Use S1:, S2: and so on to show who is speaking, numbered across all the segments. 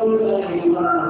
S1: قول لما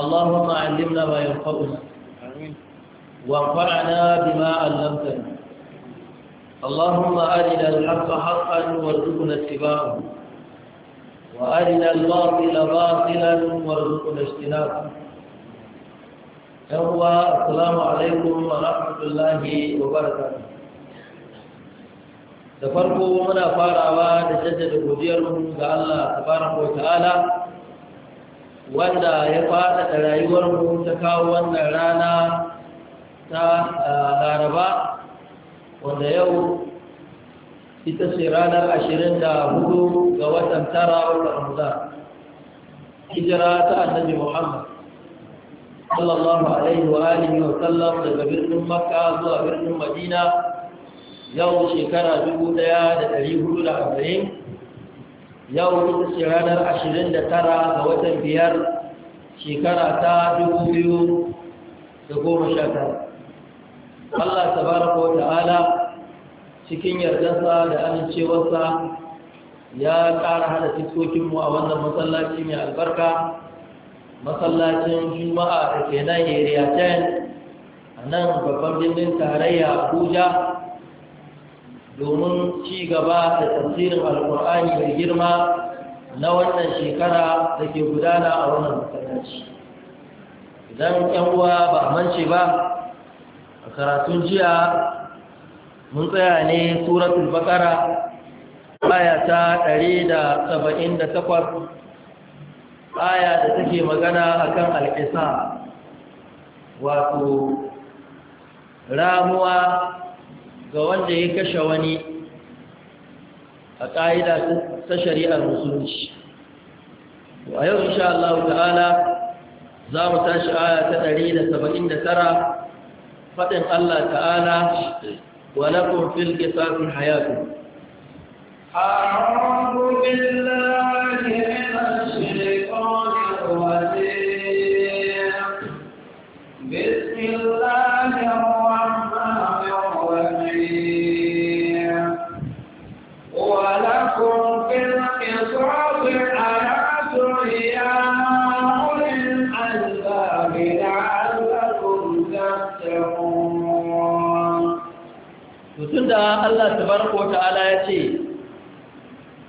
S2: اللهم علمنا ما ينفعنا وانفعنا بما علمتنا اللهم أرنا الحق حقا وارزقنا اتباعه وأرنا الباطل باطلا وارزقنا اجتنابه هو السلام عليكم ورحمة الله وبركاته da farko muna farawa da jaddada godiyarmu ga Allah tabaraka wa ta'ala wanda ya faɗaɗa rayuwarmu ta kawo wannan rana ta laraba wanda yau ita ce ranar ashirin da hudu ga watan tara wata ramadan hijira ta annabi muhammad sallallahu alaihi wa alihi wa sallam daga birnin makka zuwa birnin madina yau shekara dubu ɗaya da ɗari hudu da arba'in yau ta ce ranar tara ga watan biyar shekara ta 2019 Allah tabaraka wa ta'ala cikin yardarsa da amincewarsa ya ƙara hada fiskokinmu a wannan masallaci mai albarka masallacin juma'a da ke nan area 10 a nan babban birnin tarayya abuja domin ci gaba da tafsirin alkur'ani mai girma na wannan shekara da ke gudana a wannan masallaci idan yan uwa ba a mance ba a karatun jiya mun tsaya ne suratul bakara aya ta 178 aya da take magana a kan alƙisa wato ramuwa ga wanda ya kashe wani a ƙa'ida ta shari'ar musulunci a yau insha Allah ta'ala za mu tashi aya ta ɗari 179 faɗin Allah ta'ala wa lakum fil qisas hayatun
S1: أعوذ بالله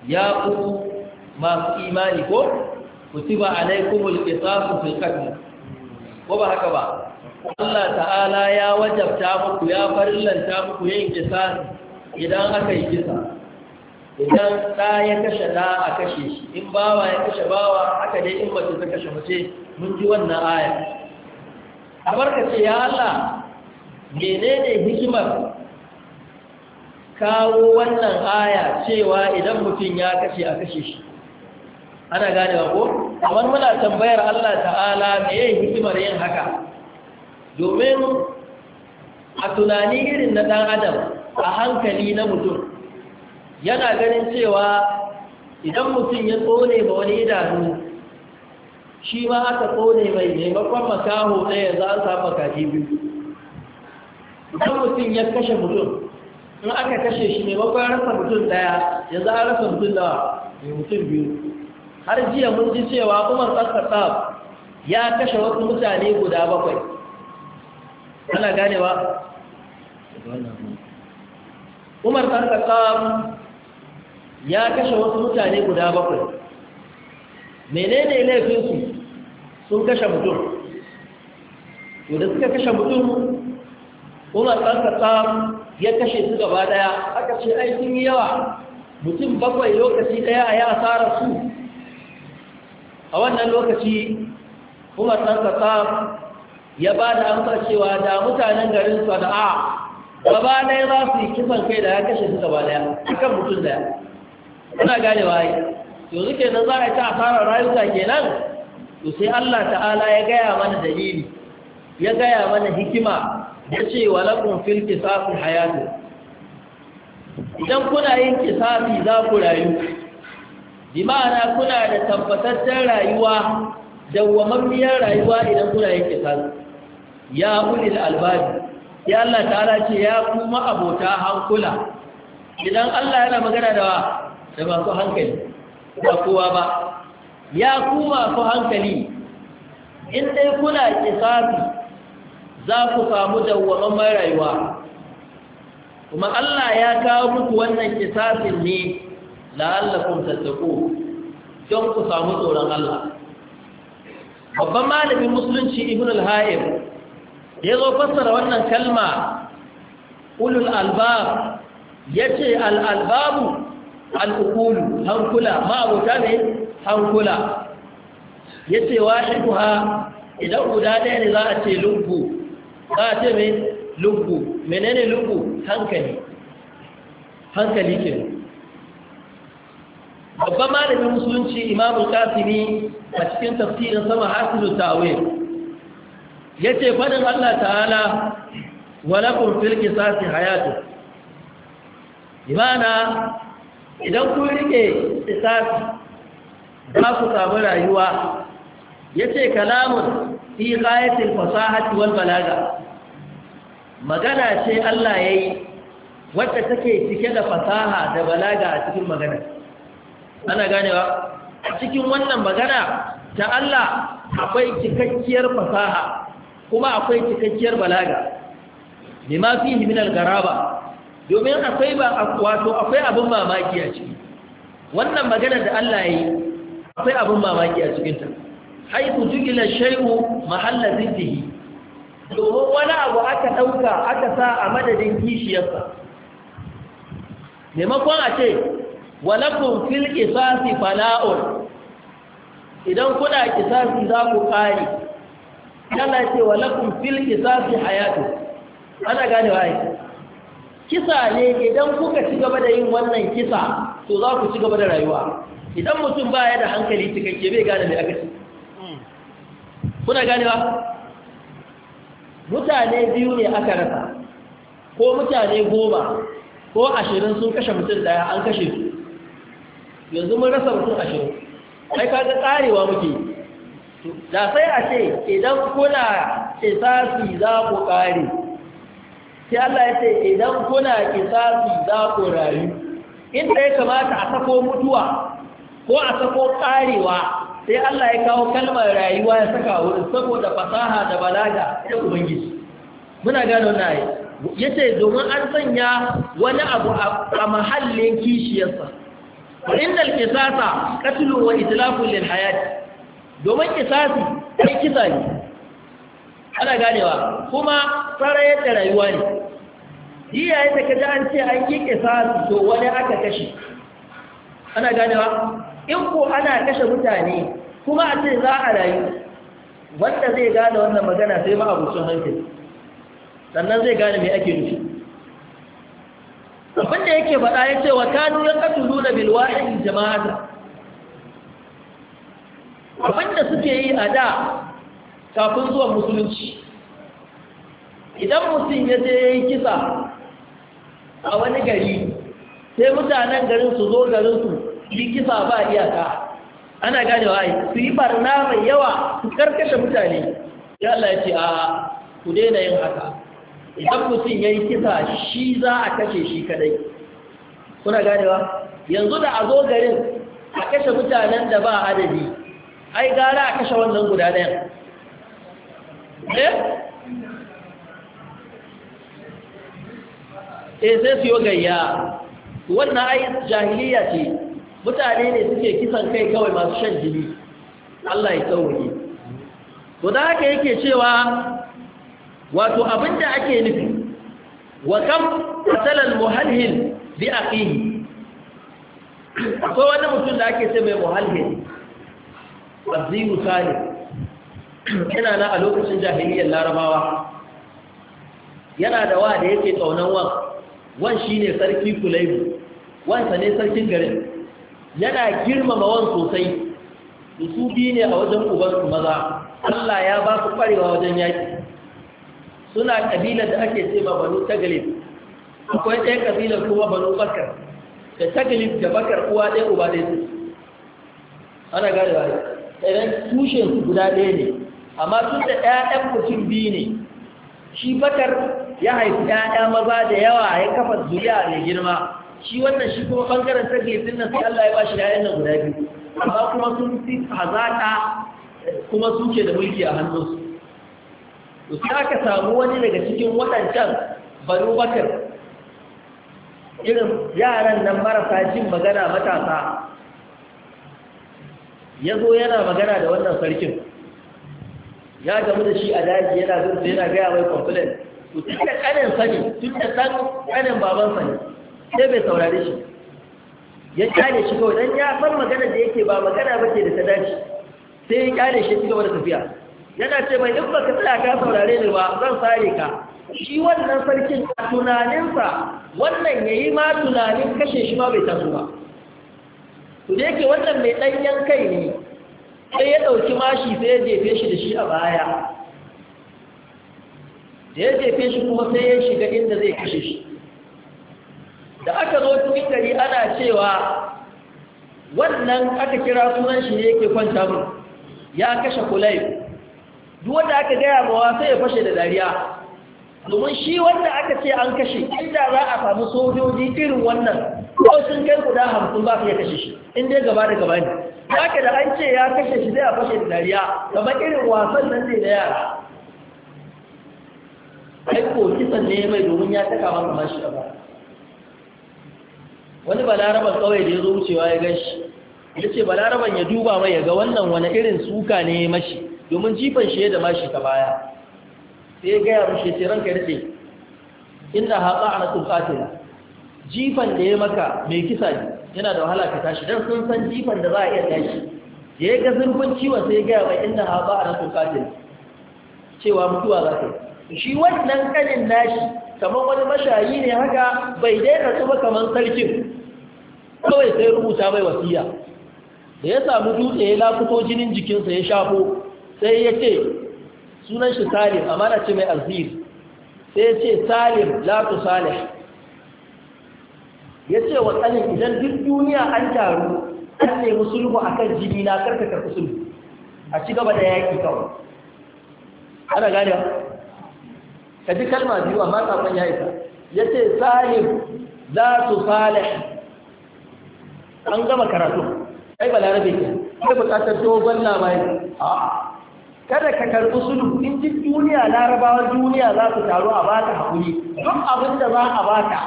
S2: ya ku masu imani ko kutiba alaikumul qisasu fil qatl ko ba haka ba Allah ta'ala ya wajabta muku ya farillanta muku yin kisa idan aka yi kisa idan ɗa ya kashe da a kashe shi in bawa ya kashe bawa haka dai in mace ta kashe mace mun ji wannan aya a barka ce ya Allah menene hikimar kawo wannan aya cewa idan mutum ya kashe a kashe shi ana gane ba ko kamar muna tambayar Allah ta'ala me yayin hikimar yin haka domin a tunani irin na dan adam a hankali na mutum yana ganin cewa idan mutum ya tsone ba wani idanu shi ma aka tsone mai maimakon makaho ɗaya za a samu kaji biyu idan mutum ya kashe mutum in aka kashe shi ne bakwai rasa mutum daya yanzu an rasa mutum da mutum biyu har jiya mun ji cewa umar tsakasa ya kashe wasu mutane guda bakwai ana ganewa umar tsakasa ya kashe wasu mutane guda bakwai menene laifinsu sun kashe mutum to da suka kashe mutum umar tsakasa ya kashe su gaba daya aka ce ai yawa mutum bakwai lokaci daya a ya asarar su a wannan lokaci kuma ɗan ya ba da amsa cewa da mutanen garin sana'a gaba daya za su yi kisan kai da ya kashe su gaba daya kan mutum daya suna gane waye yanzu ke nan za a ta asarar rayuka kenan to sai Allah ta'ala ya gaya mana dalili ya gaya mana hikima yace walakum fil kisafi hayatun idan kuna yin kisafi za ku rayu bi ma'ana kuna da tabbataccen rayuwa dawwamammiyar rayuwa idan kuna yin kisafi. ya ulil albabi ya Allah ta'ala ce ya kuma abota hankula idan Allah yana magana da wa, da masu hankali ba kowa ba ya kuma ku hankali in dai kuna kisafi. za ku samu dawwamamman rayuwa kuma Allah ya kawo muku wannan kisasin ne la'allakum tattaqu don ku samu tsoron Allah babban malamin musulunci ibn al ya zo fassara wannan kalma ulul albab yace al-albabu al hankula ma ne hankula yace wahiduha idan guda ɗaya ne za a ce lubbu za a ce mai menene lugu hankali hankali ke babban malamin musulunci imamu kafiri a cikin tafsirin sama hasilu tawe ya ce faɗin allah ta'ala kun filki kisasi hayatu imana idan kun rike kisasi, za ku samu rayuwa ya ce kalamun fi ghayatil fasahati wal balaga magana ce Allah ya yi wacce take cike da fasaha da balaga a cikin magana ana ganewa a cikin wannan magana ta Allah akwai cikakkiyar fasaha kuma akwai cikakkiyar balaga bima fi min al-garaba domin akwai ba wato akwai abin mamaki a ciki wannan magana da Allah ya yi akwai abin mamaki a cikin ta haifu jigila shaihu mahalla ziddihi domin wani abu aka ɗauka aka sa a madadin kishiyarsa maimakon a ce walakun fil kisasi fala'un idan kuna kisasi za ku ƙari yana ce walakun fil kisasi hayatu ana gane wa kisa ne idan kuka ci gaba da yin wannan kisa to za ku ci gaba da rayuwa idan mutum ba ya da hankali cikakke bai gane mai aka ci kuna ganewa mutane biyu ne aka rasa ko mutane goma ko ashirin sun kashe mutum daya an kashe su yanzu mun rasa mutum ashirin sai kaga karewa muke da sai a ce idan kuna kisasi za ku kare sai Allah ya ce idan kuna kisasi za ku rayu inda ya kamata a sako mutuwa ko a sako karewa sai Allah ya kawo kalmar rayuwa ya saka wurin saboda fasaha da balaga ta ubangiji muna gano na yi ya ce domin an sanya wani abu a mahallin kishiyarsa inda kisasa katilu wa itlafun lil hayati domin kisasi sai kisa ne ana ganewa kuma
S1: Sarai yadda rayuwa ne
S2: iyayen da kaji an ce an yi kisasi to wani aka kashe ana ganewa in ko ana kashe mutane kuma a ce za a rayu wanda zai gane wannan magana sai ma abucin hankali sannan zai gane mai ake nufi abin da yake faɗa ya ce wa kanu ya katulu nuna bilwa'in jama'ata. abin da suke yi a da kafin zuwan musulunci idan mutum ya je ya yi kisa a wani gari sai mutanen garin su zo garin su su yi kisa ba iyaka ana ganewa ai su yi barna mai yawa su karkashe mutane ya Allah ya ce a ku daina yin haka idan mutum ya yi kisa shi za a kashe shi kadai kuna ganewa yanzu da a zo garin a kashe mutanen da ba adadi ai gara a kashe wannan guda ɗayan eh eh sai su yi gayya wannan ai jahiliya ce mutane ne suke kisan kai kawai masu shan jini Allah ya tsawoye to da haka yake cewa wato abinda ake nufi wa kam qatala muhalhil bi aqihi akwai wani mutum da ake ce mai muhalhil azimu salih yana na a lokacin jahiliyyar larabawa yana da wa da yake tsaunan wan wan shine sarki kulaibu wansa ne sarkin garin yana girmama wani sosai su biyu ne a wajen ubansu maza Allah ya ba su kwarewa wajen yaƙi suna ƙabilar da ake ce ma banu tagalib akwai ɗaya ƙabilar kuma banu bakar da tagalib da bakar uwa ɗaya uba ɗaya su ana gane ba idan tushen su guda ɗaya ne amma sun da ɗaya'yan mutum biyu ne shi bakar ya haifi ɗaya maza da yawa ya kafa zuriya mai girma shi wannan shi kuma bangaren sabiyatin nan sai Allah ya bashi shi yayin guda biyu amma kuma sun fi hazaka kuma suke da mulki a hannunsu to sai aka samu wani daga cikin waɗancan banu bakar irin yaran nan marasa jin magana matasa ya zo yana magana da wannan sarkin ya gamu da shi a daji yana zurfi yana gaya mai complaint to tun da ƙanin sani tun da ɗan ƙanin baban sani sai bai saurare shi ya kyale shi kawai dan ya san magana da yake ba magana bace da ta dace sai ya kyale shi cikin da tafiya yana ce mai in baka tsaya ka saurare ni ba zan sare ka shi wannan sarkin a tunaninsa wannan ya yi ma tunanin kashe shi ma bai taso ba to da yake wannan mai danyen kai ne sai ya ɗauki mashi sai ya jefe shi da shi a baya da ya jefe shi kuma sai ya shiga inda zai kashe shi da aka zo cikin gari ana cewa wannan aka kira sunan shi ne yake kwanta mu ya kashe kulai duk wanda aka gaya mawa sai ya fashe da dariya domin shi wanda aka ce an kashe inda za a samu sojoji irin wannan ko sun kai guda hamsin ba su ya kashe shi in dai gaba da gaba ne haka da an ce ya kashe shi zai a fashe da dariya kamar irin wasan nan ne da yara aiko kisan ne mai domin ya taka masa mashi da ba. wani balaraban kawai da ya zo wucewa ya gashi ya ce balaraban ya duba mai ya ga wannan wani irin suka ne ya mashi domin jifan shi da mashi ta baya sai ya gaya mashi ce ranka ya ce inda haɓa nasu katin. jifan da ya maka mai kisa ne yana da wahala ka tashi don sun san jifan da za a iya tashi ya ga zurfin ciwon sai ya gaya mai inda haɓa a nasu katin. cewa mutuwa za ta yi shi wannan kanin nashi kamar wani mashayi ne haka bai daina su ba kamar sarkin kawai sai rubuta mai wasiya da ya samu dutse ya lafuto jinin jikinsa ya shafo sai ya ce sunan shi salim mana ce mai alzir sai ya ce salim latu salih ya ce wa tsanin idan duk duniya an taru an nemi sulhu a kan jini na karkata sulhu a ci gaba da yaƙi kawai ana gane ka ji kalma biyu amma sakon ya isa ya ce salim latu salih an gama karatu ai balarabe ke da bukatar dogon labari a kada ka karɓi sulhu in ji duniya larabawa duniya za su taru a baka hakuri duk abin da za a baka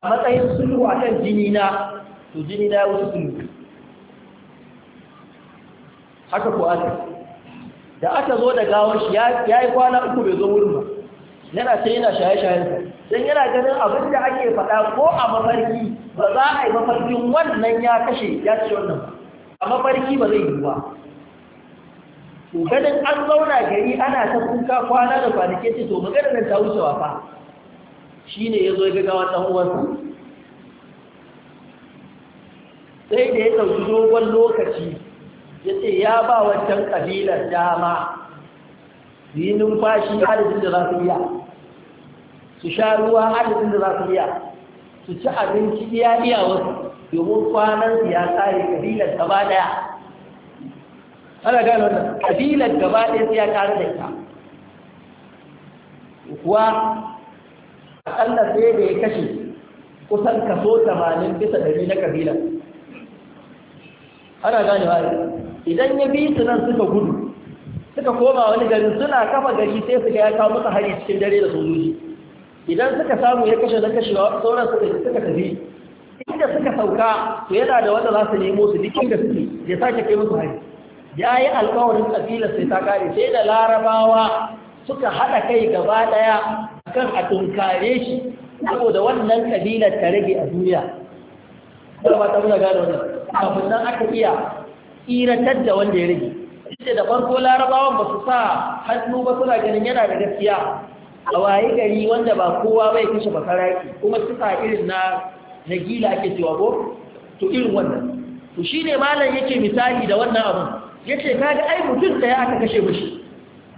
S2: a matsayin sulhu a kan jini na to jini na wasu sulhu haka ko aka da aka zo da gawar shi ya yi kwana uku bai zo wurin ba yana sai yana shaye-shayen don yana ganin abin da ake faɗa ko a mafarki ba za a yi mafarkin wannan ya kashe ya ce wannan ba a mafarki ba zai yi ba to ganin an zauna gari ana ta kuka kwana da kwanake ce to maganar nan ta wuce wafa shi ne ya zo ya gaga wannan uwansa sai da ya sauki dogon lokaci ya ce ya ba wancan kabilar dama yi numfashi adadin da za su iya su sha ruwa adadin da za su iya su ci abinci iya iya wasu domin kwanan su ya kare kabilar gaba daya ana gano wannan kabilar gaba daya su ya kare da ita kuwa akalla sai da ya kashe kusan kaso 80 bisa 100 na kabilar ana ganewa idan ya bi su nan suka gudu suka koma wani garin suna kafa gari sai su ga ya kawo musu hari cikin dare da zuci idan suka samu ya kashe na kashewa sauran suka tafi inda suka sauka to yana da wanda za su nemo su dikin da suke ya sake kai musu hari ya yi alkawarin kabilar sai ta kare sai da larabawa suka haɗa kai gaba ɗaya kan a tunkare shi saboda wannan ƙabilar ta rage a duniya ba ba ta muna gane wannan kafin nan aka iya tsiratar da wanda ya rage ita da farko larabawan ba su sa hannu ba suna ganin yana da gaskiya a waye gari wanda ba kowa bai kashe bakaraki kuma suka irin na na ake cewa ko to irin wannan to shine malam yake misali da wannan abu yace kaga ai mutum da ya aka kashe mushi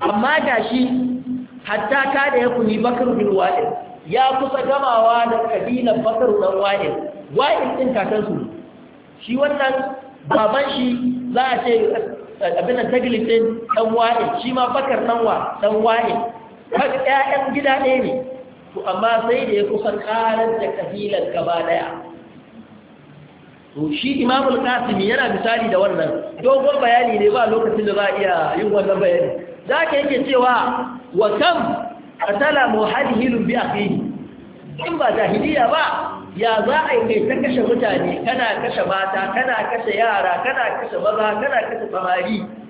S2: amma gashi hatta ka da ya kuni bakar bin wa'il ya kusa gamawa da kabilan bakar dan wa'il wa'il din su shi wannan baban shi za a ce eh, abin da taglitin dan wa'il shi ma bakar dan wa dan wa'il kaga ƴaƴan gida ɗaya ne to amma sai da ya kusan karar da kabilar gaba ɗaya to shi imamul qasim yana misali da wannan dogon bayani ne ba lokacin da za a iya yin wannan bayani za ka yake cewa wa kam qatala muhalhilun bi akhihi in ba jahiliya ba ya za a yi kai ta kashe mutane kana kashe mata kana kashe yara kana kashe maza kana kashe samari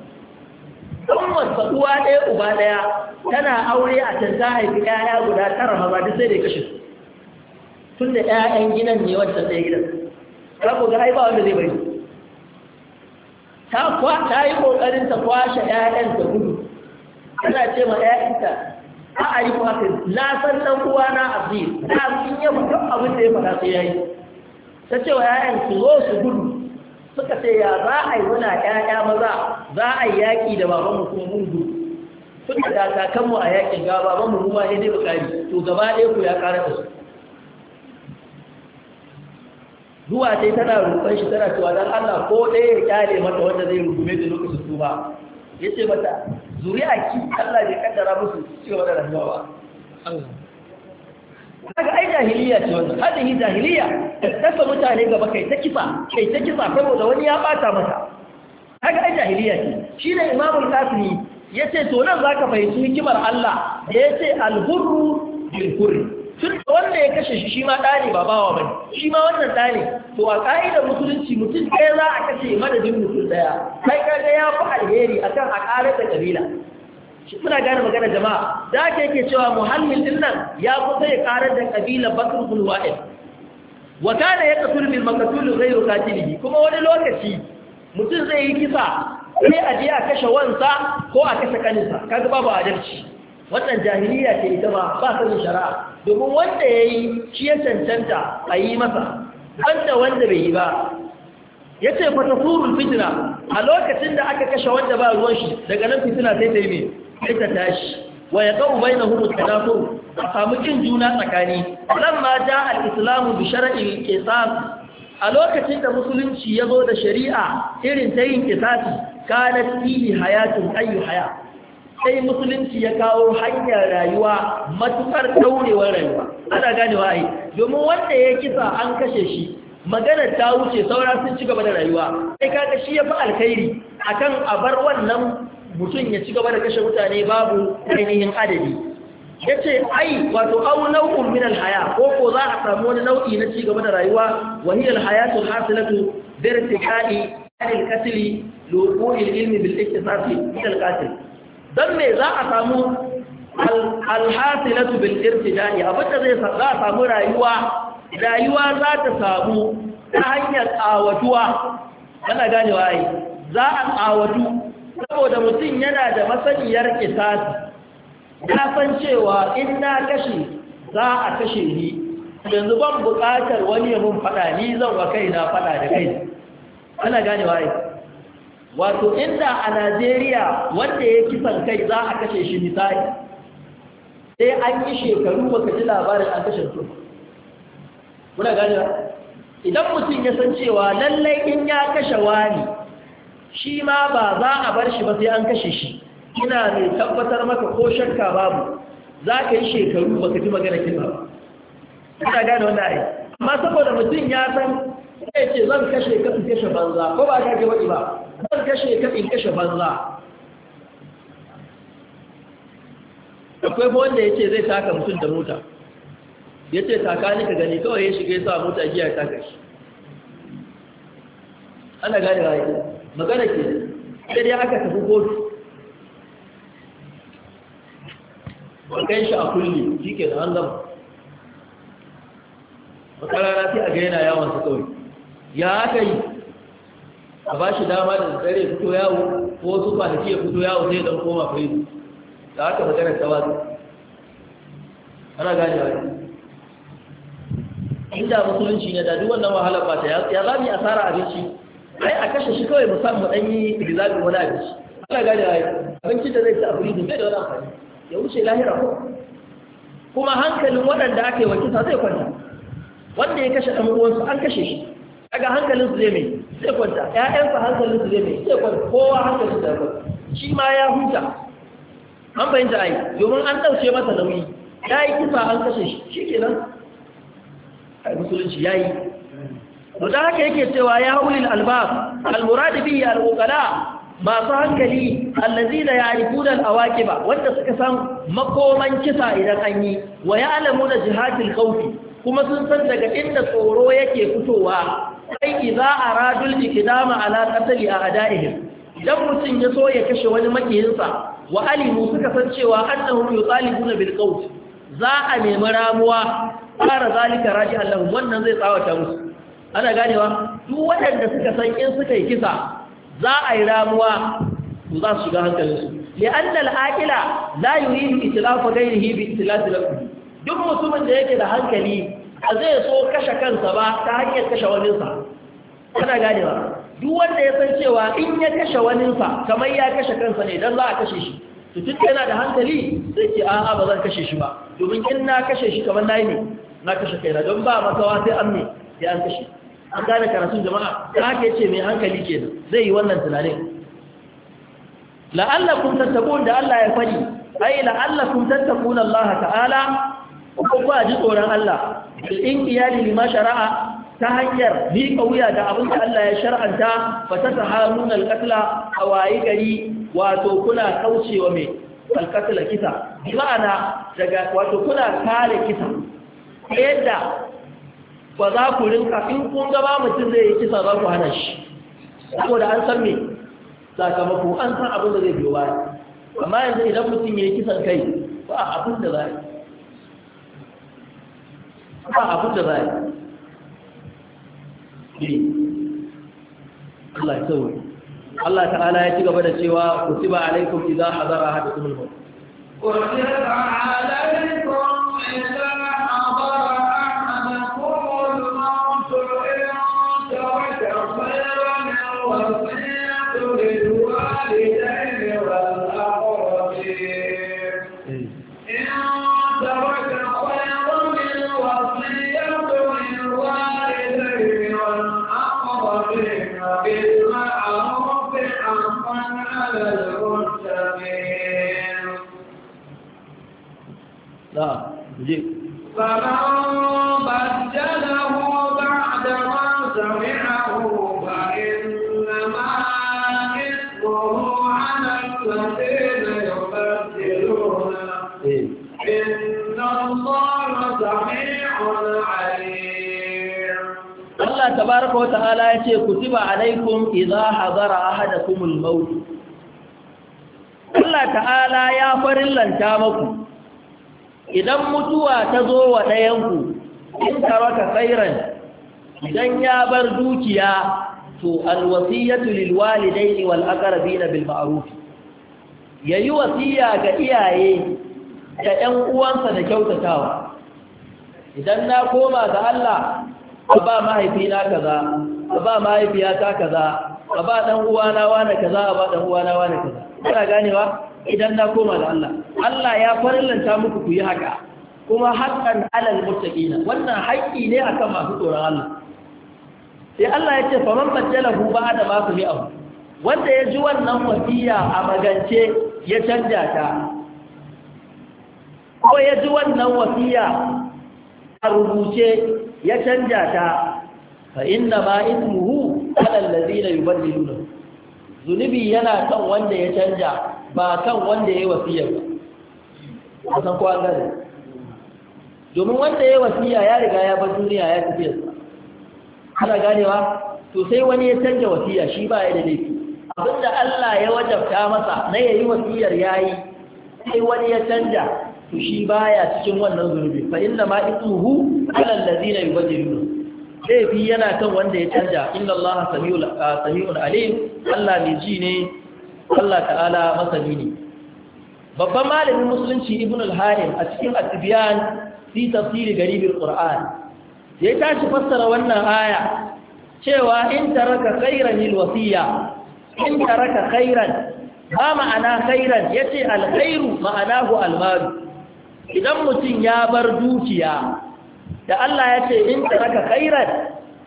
S2: wasu uwa ɗaya uba ɗaya tana aure a can ta haifi ƴaƴa guda tara ma duk sai da kashe su tun da ƴaƴan gidan ne wancan ɗaya gidan za ku ga ai ba wanda zai bari ta kwa ta yi kokarin ta kwashe ƴaƴan ta gudu tana ce ma ƴaƴanta a a yi kwafi na san ɗan uwa na azir na sun yi mutum abin da ya faɗa sai ya yi ta ce wa ƴaƴan su zo su gudu suka ce ya za a yi muna ƴaƴa maza za a yi yaƙi da babanmu kuma mun gudu suka da kakanmu a yaƙin ga babanmu kuma ya dai bukari to gaba ɗaya ku ya ƙara da su zuwa ce tana rukun shi tana cewa don Allah ko ɗaya ya ƙyale mata wanda zai rungume da lokacin su ba ya ce mata a ki Allah bai kaddara musu cewa da rayuwa ba
S1: kaga ai jahiliya ce wannan hadihi jahiliya
S2: da mutane gaba kai ta kisa kai ta kisa saboda wani ya bata mata kaga ai jahiliya ce shine imamu al-qasimi yace to nan zaka fahimci hikimar Allah da yace al-hurru bil hurri tun wanda ya kashe shi ma dani ba bawa bane shi ma wannan dani to a ka'idar musulunci mutum ɗaya za a kashe madadin mutum ɗaya kai kaga ya fi alheri akan a ƙarar da kabila muna gane magana jama'a da ake yake cewa muhallin din nan ya kusa ya karar da kabila bakr bin wa'id wa kana yaqtul bil maqtul ghayru qatilihi kuma wani lokaci mutum zai yi kisa sai a je a kashe wansa ko a kashe kaninsa kaga babu adalci wannan jahiliya ce ita ba ba da shari'a domin wanda yayi shi ya cancanta a yi masa wanda wanda bai yi ba yace fatasurul fitna a lokacin da aka kashe wanda ba ruwan shi daga nan fitina sai ta yi mai sai ta tashi wa ya qaw bainahum tadafur a samu ƙin juna tsakani ma ja al bi shara’in qisas a lokacin da musulunci ya zo da shari'a irin ta yin qisasi kanat fihi hayatun ayyu haya sai musulunci ya kawo hanyar rayuwa matuƙar ɗaurewar rayuwa ana ganewa ai domin wanda ya kisa an kashe shi maganar ta wuce saura sun ci gaba da rayuwa sai kaga shi ya fi alkhairi akan a bar wannan mutum ya ci gaba da kashe mutane babu ainihin adadi ya ce ai wato au nau'un min alhaya ko ko za a samu wani nau'i na ci gaba da rayuwa wa hiya alhayatu hasilatu bi irtiqai al qatl luqul ilmi bil iktisas min al qatl dan me za a samu alhasilatu bil irtiqai abinda zai za a samu rayuwa rayuwa za ta samu ta hanyar awatuwa kana ganewa ai za a awatu saboda mutum yana da masaniyar kisasi ya san cewa in na kashe za a kashe ni yanzu ban buƙatar wani ya mun faɗa ni zan wa kai na faɗa da kai ana gane waye wato inda a Najeriya wanda ya kisan kai za a kashe shi misali sai an yi shekaru baka ji labarin an kashe su muna gane idan mutum ya san cewa lallai in ya kashe wani shi ma ba za a bar shi ba sai an kashe shi ina mai tabbatar maka ko shakka babu za ka yi shekaru ba ka ji magana kisa ba ina gane wanda ai amma saboda mutum ya san ya ce zan kashe ka in kashe banza ko ba ka ga wani ba zan kashe ka in kashe banza akwai wanda ya ce zai taka mutum da mota ya ce taka ni ka gani kawai ya shiga ya sa mota giya taka shi. ana gane rayuwa magana ke sai dai aka tafi kotu kai shi a kulli shi ke da hannun makarara sai a ga yana yawon su kawai ya aka yi a ba shi dama da tsare fito yawo ko ba da ke fito yawo zai don koma faizu da aka magana ta wasu ana gane wa inda musulunci ne da duk wannan wahalar ba ta ya zami asara abinci ai a kashe shi kawai mu samu dan yi rizabi wani abinci ana gane ai abinci da zai ta a buridin bai da wani amfani ya wuce lahira ko kuma hankalin waɗanda aka yi wa kisa zai kwanta wanda ya kashe ɗan uwansu an kashe shi daga hankalin su zai mai zai kwanta ƴaƴansa hankalin su zai mai zai kwanta kowa hankalin su zai kwanta shi ma ya huta an fahimta ai domin an ɗauke masa nauyi ya yi kisa an kashe shi shi kenan ai musulunci ya yi to da haka yake cewa ya ulil albab almurad bi alqala masu hankali allazina ya'rifuna ba, wanda suka san makoman kisa idan an yi wa ya'lamuna jihatil khawfi kuma sun san daga inda tsoro yake fitowa sai a aradul ikdama ala qatli a'daihim idan mutum ya so ya kashe wani makiyinsa wa alimu suka san cewa annahum yutalibuna bil qawt za a nemi ramuwa fara zalika radi Allah wannan zai tsawata musu ana ganewa duk waɗanda suka san in suka yi kisa za a yi ramuwa to za su shiga hankalinsu li'anna al'aqila la yuridu itlafa ghayrihi bi itlafi lafzi duk mutumin da yake da hankali ba zai so kashe kansa ba ta hanyar kashe waninsa kana ganewa duk wanda ya san cewa in ya kashe sa kamar ya kashe kansa ne dan za a kashe shi to tun yana da hankali sai ce a'a ba zan kashe shi ba domin in na kashe shi kamar nayi ne na kashe kaina don ba makawa sai an ne sai an kashe an gane karatun jama'a ta ke ce mai hankali ke zai yi wannan tunanin la'allakum tattaqun da Allah ya fadi ai la'allakum tattaqun Allah ta'ala ko ba ji tsoron Allah bil inqiyadi ma shara'a ta hanyar ni kauya da abin da Allah ya shar'anta fa tataharuna al-qatla awai gari wato kuna kaucewa mai al-qatla kisa bi ma'ana daga wato kuna kare kisa yadda ba za ku rinka in kun gaba mutum zai yi kisa za ku hana shi saboda an san me sakamako an san abin da zai biyo ba amma yanzu idan mutum ya yi kisan kai ba abin da za ba abin da za yi Allah ya tsawo Allah ta'ala ya ci gaba da cewa ku ba alaikum idza hadara hadakumul maut
S1: kutiba alaikum tabaraka
S2: wa ta'ala ya ce kutiba alaikum idza hadara ahadakumul maut Allah ta'ala ya lanta maku idan mutuwa ta zo wa ɗayanku in taraka khairan idan ya bar dukiya to alwasiyatu lil walidaini wal aqrabina bil ma'ruf yayi wasiya ga iyaye da ƴan uwansa da kyautatawa idan na koma ga Allah a ba mahaifina kaza a ba mahaifiyata kaza a ba dan uwana wani kaza a ba dan uwana wani kaza kana ganewa idan na koma da Allah Allah ya farillanta muku ku yi haka kuma haqqan alal muttaqina wannan haƙƙi ne akan masu tsoron Allah sai Allah ya ce fa faman bajalahu ba'da ma su abu wanda ya ji wannan wasiya a magance ya canja ta ko ya ji wannan wasiya a rubuce ya canja ta fa inna ma ismuhu ala allazina yubaddiluna zunubi yana kan wanda ya canja ba kan wanda ya wasiya ba san ko an gane domin wanda ya wasiya ya riga ya bar duniya ya tafi ana ganewa to sai wani ya canja wasiya shi ba ya da laifi abinda Allah ya wajabta masa na yayi wasiyar yayi sai wani ya canja to shi baya cikin wannan zunubi fa inna ma ismuhu alal ladina yubadilun laifi yana kan wanda ya canja inna Allah ah, samiul alim Allah mai ji ne Allah ta'ala masani ne babban malamin musulunci ibn al-harim a cikin at-tibyan fi tafsir garibul qur'an ya tashi fassara wannan aya cewa in taraka khairan lil wasiya in taraka khairan ba ma'ana khairan yace al-khairu ma'anahu al-mal idan mutum ya bar dukiya da Allah ya ce in taraka khairan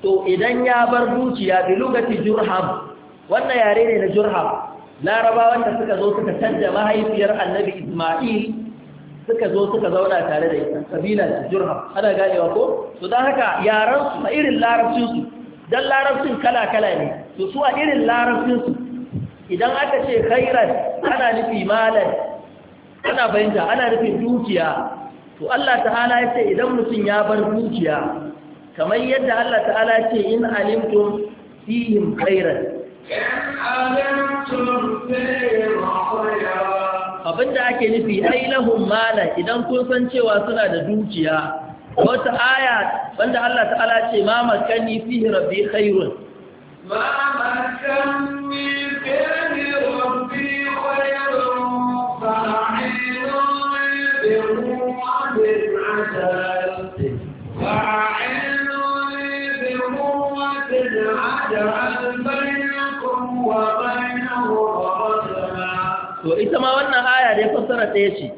S2: to idan ya bar dukiya bi lugati jurham wannan yare ne na jurham larabawan da suka zo suka canja mahaifiyar annabi isma'il suka zo suka zauna tare da ita kabilar jurham ana ganewa ko to don haka yaran su a irin larabcin su dan larabcin kala kala ne to su a irin larabcin su idan aka ce khairan ana nufi malan ana bayanta ana nufin dukiya to Allah ta'ala ya ce idan mutum ya bar dukiya kamar yadda Allah ta'ala ya ce in alimtum fihim khairan
S1: abinda ake nufi ai lahum mala
S2: idan kun san cewa suna da dukiya wata aya wanda Allah ta'ala ce ma makani fihi rabbi khairun
S1: ma makani fihi rabbi khairun fa'ilun bi To ita ma wannan
S2: aya da ya fassara ta yace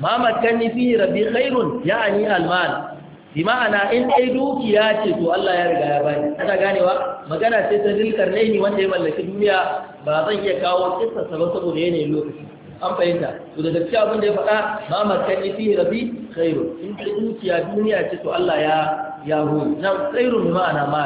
S2: ma makanni fi rabbi khairun ya'ani almal bi ma'ana in dai dukiya ce to Allah ya riga ya bani kada ganewa magana ce ta dilkar ne wanda ya mallaki duniya ba zan iya kawo kissa ba saboda yanayin lokaci an fahimta to da gaskiya abin da ya faɗa ma makan ifi rabi khairu in ta dukiya duniya ce to Allah ya ya hu na khairu bi ma'ana ma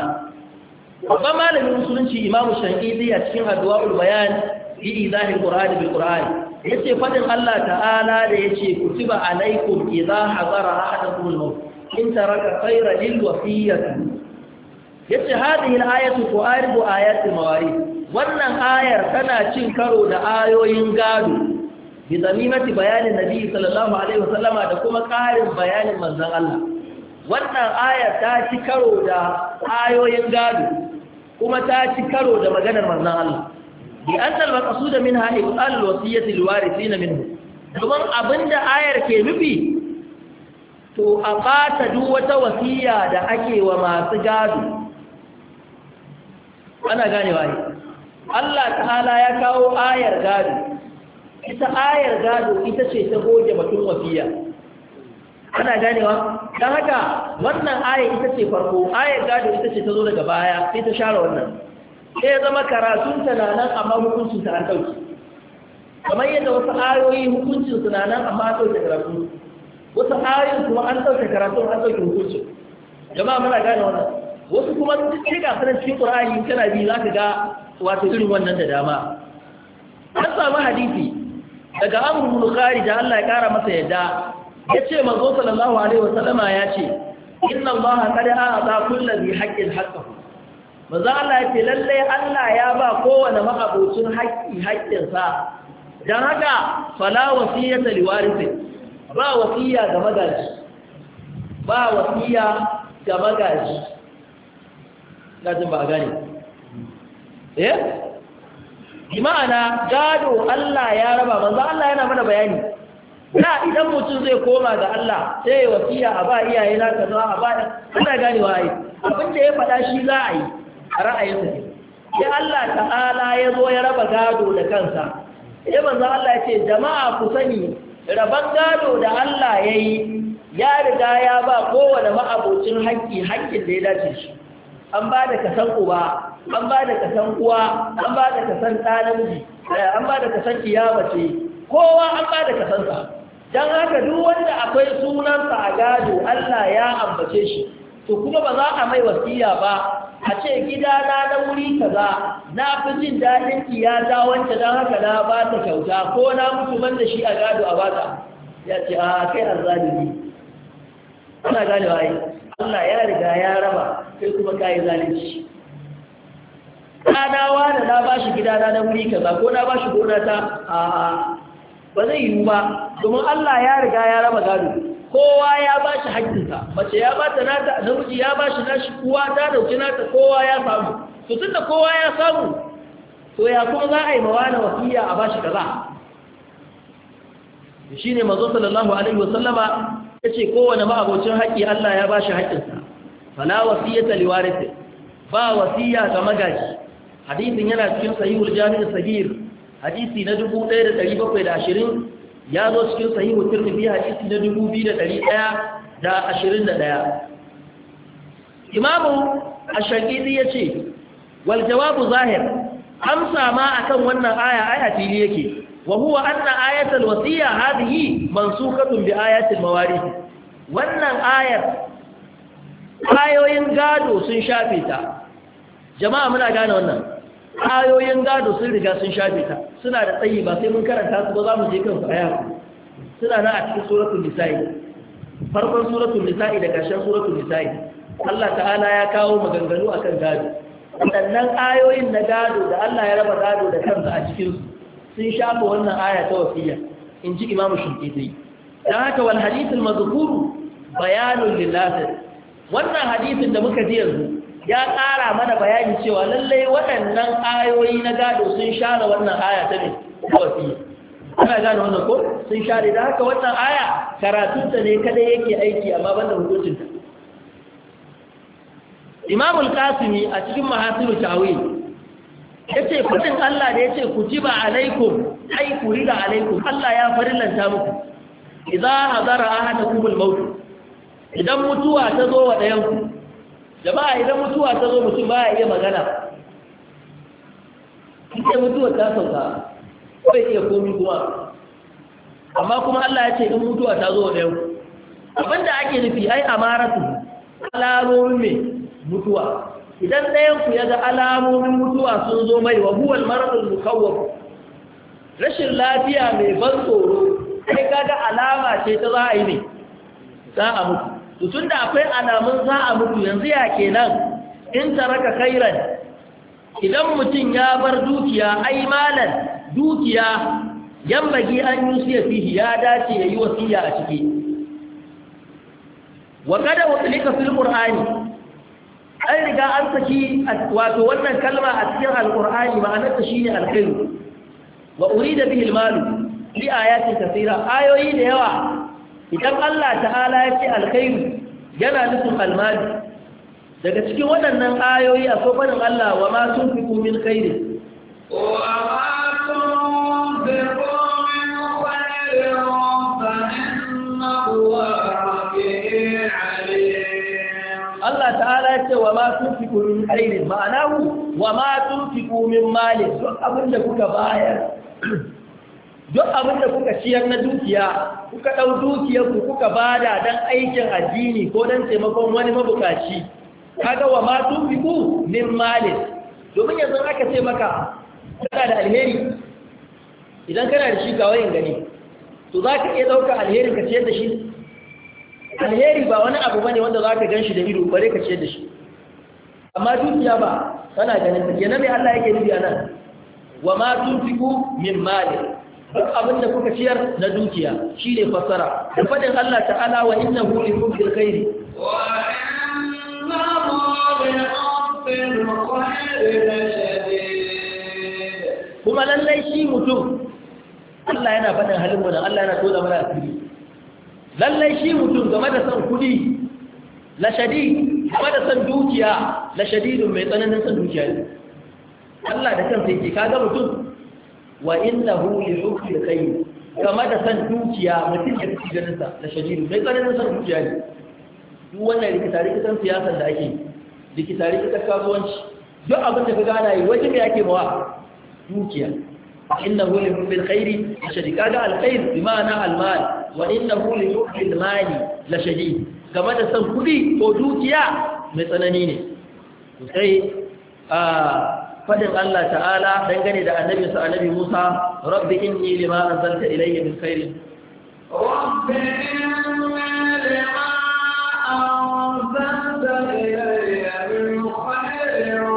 S2: babban malamin musulunci imamu shankidi a cikin addu'a'ul bayan bi izahi qur'ani bil qur'ani yace fadin Allah ta'ala da yace kutiba alaikum idza hadara ahadakum al-maut in taraka khayra lil wasiyati yace hadhihi al-ayatu tu'aridu ayati mawarith wannan ayar tana cin karo da ayoyin gado bi zamimati bayanin nabi sallallahu alaihi wasallama da kuma ƙarin bayanin manzon Allah wannan aya ta ci karo da ayoyin gado kuma ta ci karo da maganar manzon Allah bi annal maqsud minha ibal wasiyati alwarithina minhu domin abinda ayar ke nufi to a ɓata duk wata wasiya da ake wa masu gado ana ganewa ne Allah ta'ala ya kawo ayar gado ita ayar gado ita ce ta goge batun wafiya ana ganewa don haka wannan ayar ita ce farko ayar gado ita ce ta zo daga baya sai ta share wannan sai ya zama karatunta na nan amma hukuncinta an ɗauki kamar yadda wasu ayoyi hukuncin na nan amma an ɗauke karatu wasu ayoyin kuma an ɗauke karatu an ɗauke hukuncin jama'a muna gane wannan wasu kuma sai ga sanar cikin ƙura'ayi kana bi za ka ga wato irin wannan da dama an samu hadisi daga amurin mulkari da Allah ya kara masa yadda ya ce mazo sallallahu alaihi wasallama ya ce inna allaha qad a'ata kulli bi haqqin haqqahu manzo Allah ya ce lalle Allah ya ba kowane ma'abucin haƙƙi haƙƙinsa dan haka fala wasiyata liwarisi ba wasiya ga magaji ba wasiya ga magaji lajin ba gani eh bi ma'ana gado Allah ya raba manzo Allah yana mana bayani na idan mutum zai koma ga Allah sai ya wasiya a ba iyaye na zuwa? a ba ina ganewa ai abin da ya faɗa shi za a yi a ra'ayinsa ne Ya Allah ta'ala ya zo ya raba gado da kansa sai manzo Allah ya ce jama'a ku sani raban gado da Allah ya yi ya riga ya ba kowane ma'abocin haƙƙi haƙƙin da ya dace shi an ba da kasan uba an ba da kasan uwa an ba da kasan ɗa eh, an ba da kasan kiyamace kowa an ba da kasansa don haka duk wanda akwai sunansa a gado Allah ya ambace shi to kuma ba za a mai wasiya ba a ce gidana na wuri kaza na fi jin daɗin iyata wanda don haka na ba ta kyauta ko na mutu man da shi a gado a bata ya ce a ah, kai azzalimi ana gane yi Allah ya riga ya raba sai kuma ka yi zalunci ɗanawa da na ba shi gidana na wuri ba ko na ba shi gona ta a ba zai yiwu ba domin Allah ya riga ya raba gado kowa ya ba shi haƙƙinsa mace ya ba ta nata namiji ya ba shi nashi kuwa ta dauki nata kowa ya samu to tun da kowa ya samu to ya kuma za a yi mawa na wasiya a ba shi kaza shi ne mazo sallallahu alaihi wasallama ya ce kowane ma'abocin haƙƙi Allah ya ba shi haƙƙinsa fala wasiyata liwarith ba wasiya ga magaji hadisin yana cikin sahihul jami' sagir hadisi na 1720 ya zo cikin sahihul tirmidhi hadisi na 2121 imamu ash-shaqidi yace wal jawabu zahir amsa ma akan wannan aya aya fili yake wa huwa anna ayatul wasiya hadhihi mansukatun bi ayatil mawarith wannan ayar ayoyin gado sun shafe ta jama'a muna gane wannan ayoyin gado sun riga sun shafe ta suna da tsayi ba sai mun karanta su ba za mu je kan a suna na a cikin suratul nisa'i farkon suratul nisa'i da ƙarshen suratul nisa'i Allah ta'ala ya kawo maganganu akan gado sannan ayoyin na gado da Allah ya raba gado da kansa a cikin sun shafe wannan aya ta wasiya in ji imamu shinkiti dan haka wal hadithul mazkuru bayanun lil wannan hadisin da muka ji yanzu ya ƙara mana bayani cewa lallai waɗannan ayoyi na gado sun share wannan aya ta ne ta wasiya ana gane wannan ko sun share da haka wannan aya karatunta ne kada yake aiki amma banda hukuncinta imamul kasimi a cikin mahasiru tawil ya ce kudin Allah da ya ce ku ji ba alaikum ai ku riga alaikum Allah ya farillanta muku idan hazara ahadakumul mautu idan mutuwa ta zo wa ɗayan ku jama'a idan mutuwa ta zo mutum ba ya iya magana ita mutuwa ta sauka ko bai iya komi kuma amma kuma Allah ya ce in mutuwa ta zo wa ɗayan ku da ake nufi ai amaratu alamomin me mutuwa idan ɗayan ku ya ga alamomin mutuwa sun zo mai wa huwal maradun mukawwaf rashin lafiya mai ban tsoro sai kaga alama ce ta za a yi ne za a mutu tutun da akwai alamun za a mutu yanzu ya kenan in taraka kairan, idan mutum ya bar dukiya ai malan dukiya yambagi an yusiya fihi ya dace yayi wasiya a ciki wa kada wutlika fil qur'ani an riga an saki wato wannan kalma a cikin Alƙur'ani ma'anarta shi shine alkhairu wa urida bihi almal li ayatin kaseera ayoyi da yawa idan Allah ta'ala ya ce alkhairu yana nufin almali daga cikin waɗannan ayoyi a sofanin Allah wa ma sun fi kumin khairin
S1: wa ma sun fi Allah ta'ala
S2: ya ce wa ma sun tunfiqu min ma'ana ma'anahu wa ma sun fi kumin malin duk abin da kuka bayar duk abin da kuka ciyar na dukiya kuka ɗau dukiyarku kuka bada don aikin addini ko don taimakon wani mabukaci kaga wa ma tufiku min malin domin yanzu aka ce maka kana da alheri idan kana da shi ga yin gani to za ka iya ɗauka alherin ka ciyar da shi alheri ba wani abu bane wanda za ka gan shi da ido bare ka ciyar da shi amma dukiya ba kana ganin ta kenan mai Allah yake nufi anan wa ma tufiku min malin duk abin kuka ciyar na dukiya shi ne fassara da faɗin Allah ta'ala wa inna hu li hubbil khairi kuma lallai shi mutum Allah yana faɗin halin mu Allah yana tona mana asiri lallai shi mutum game da san kudi, la shadid game da san dukiya la shadidun mai tsananin san dukiya ne Allah da kansa yake kaga mutum wa innahu li hubbi al-khayr kama da san dukiya mutum ya fi ganin sa da shajiru mai tsananin san dukiya ne duk wannan rikita rikitan siyasar da ake rikita rikitan kasuwanci duk abin da ka gana yi wajen da ake mawa dukiya Wa innahu li hubbi al-khayr da shadika ga al-khayr bi ma'ana al-mal wa innahu li hubbi al-mali la shadid kama da san kudi ko dukiya mai tsanani ne sai a ah, fadin Allah ta'ala dangane da annabi sa annabi Musa rabbi inni lima anzalta ilayya min khairin
S1: rabbi inni lima anzalta ilayya min khairin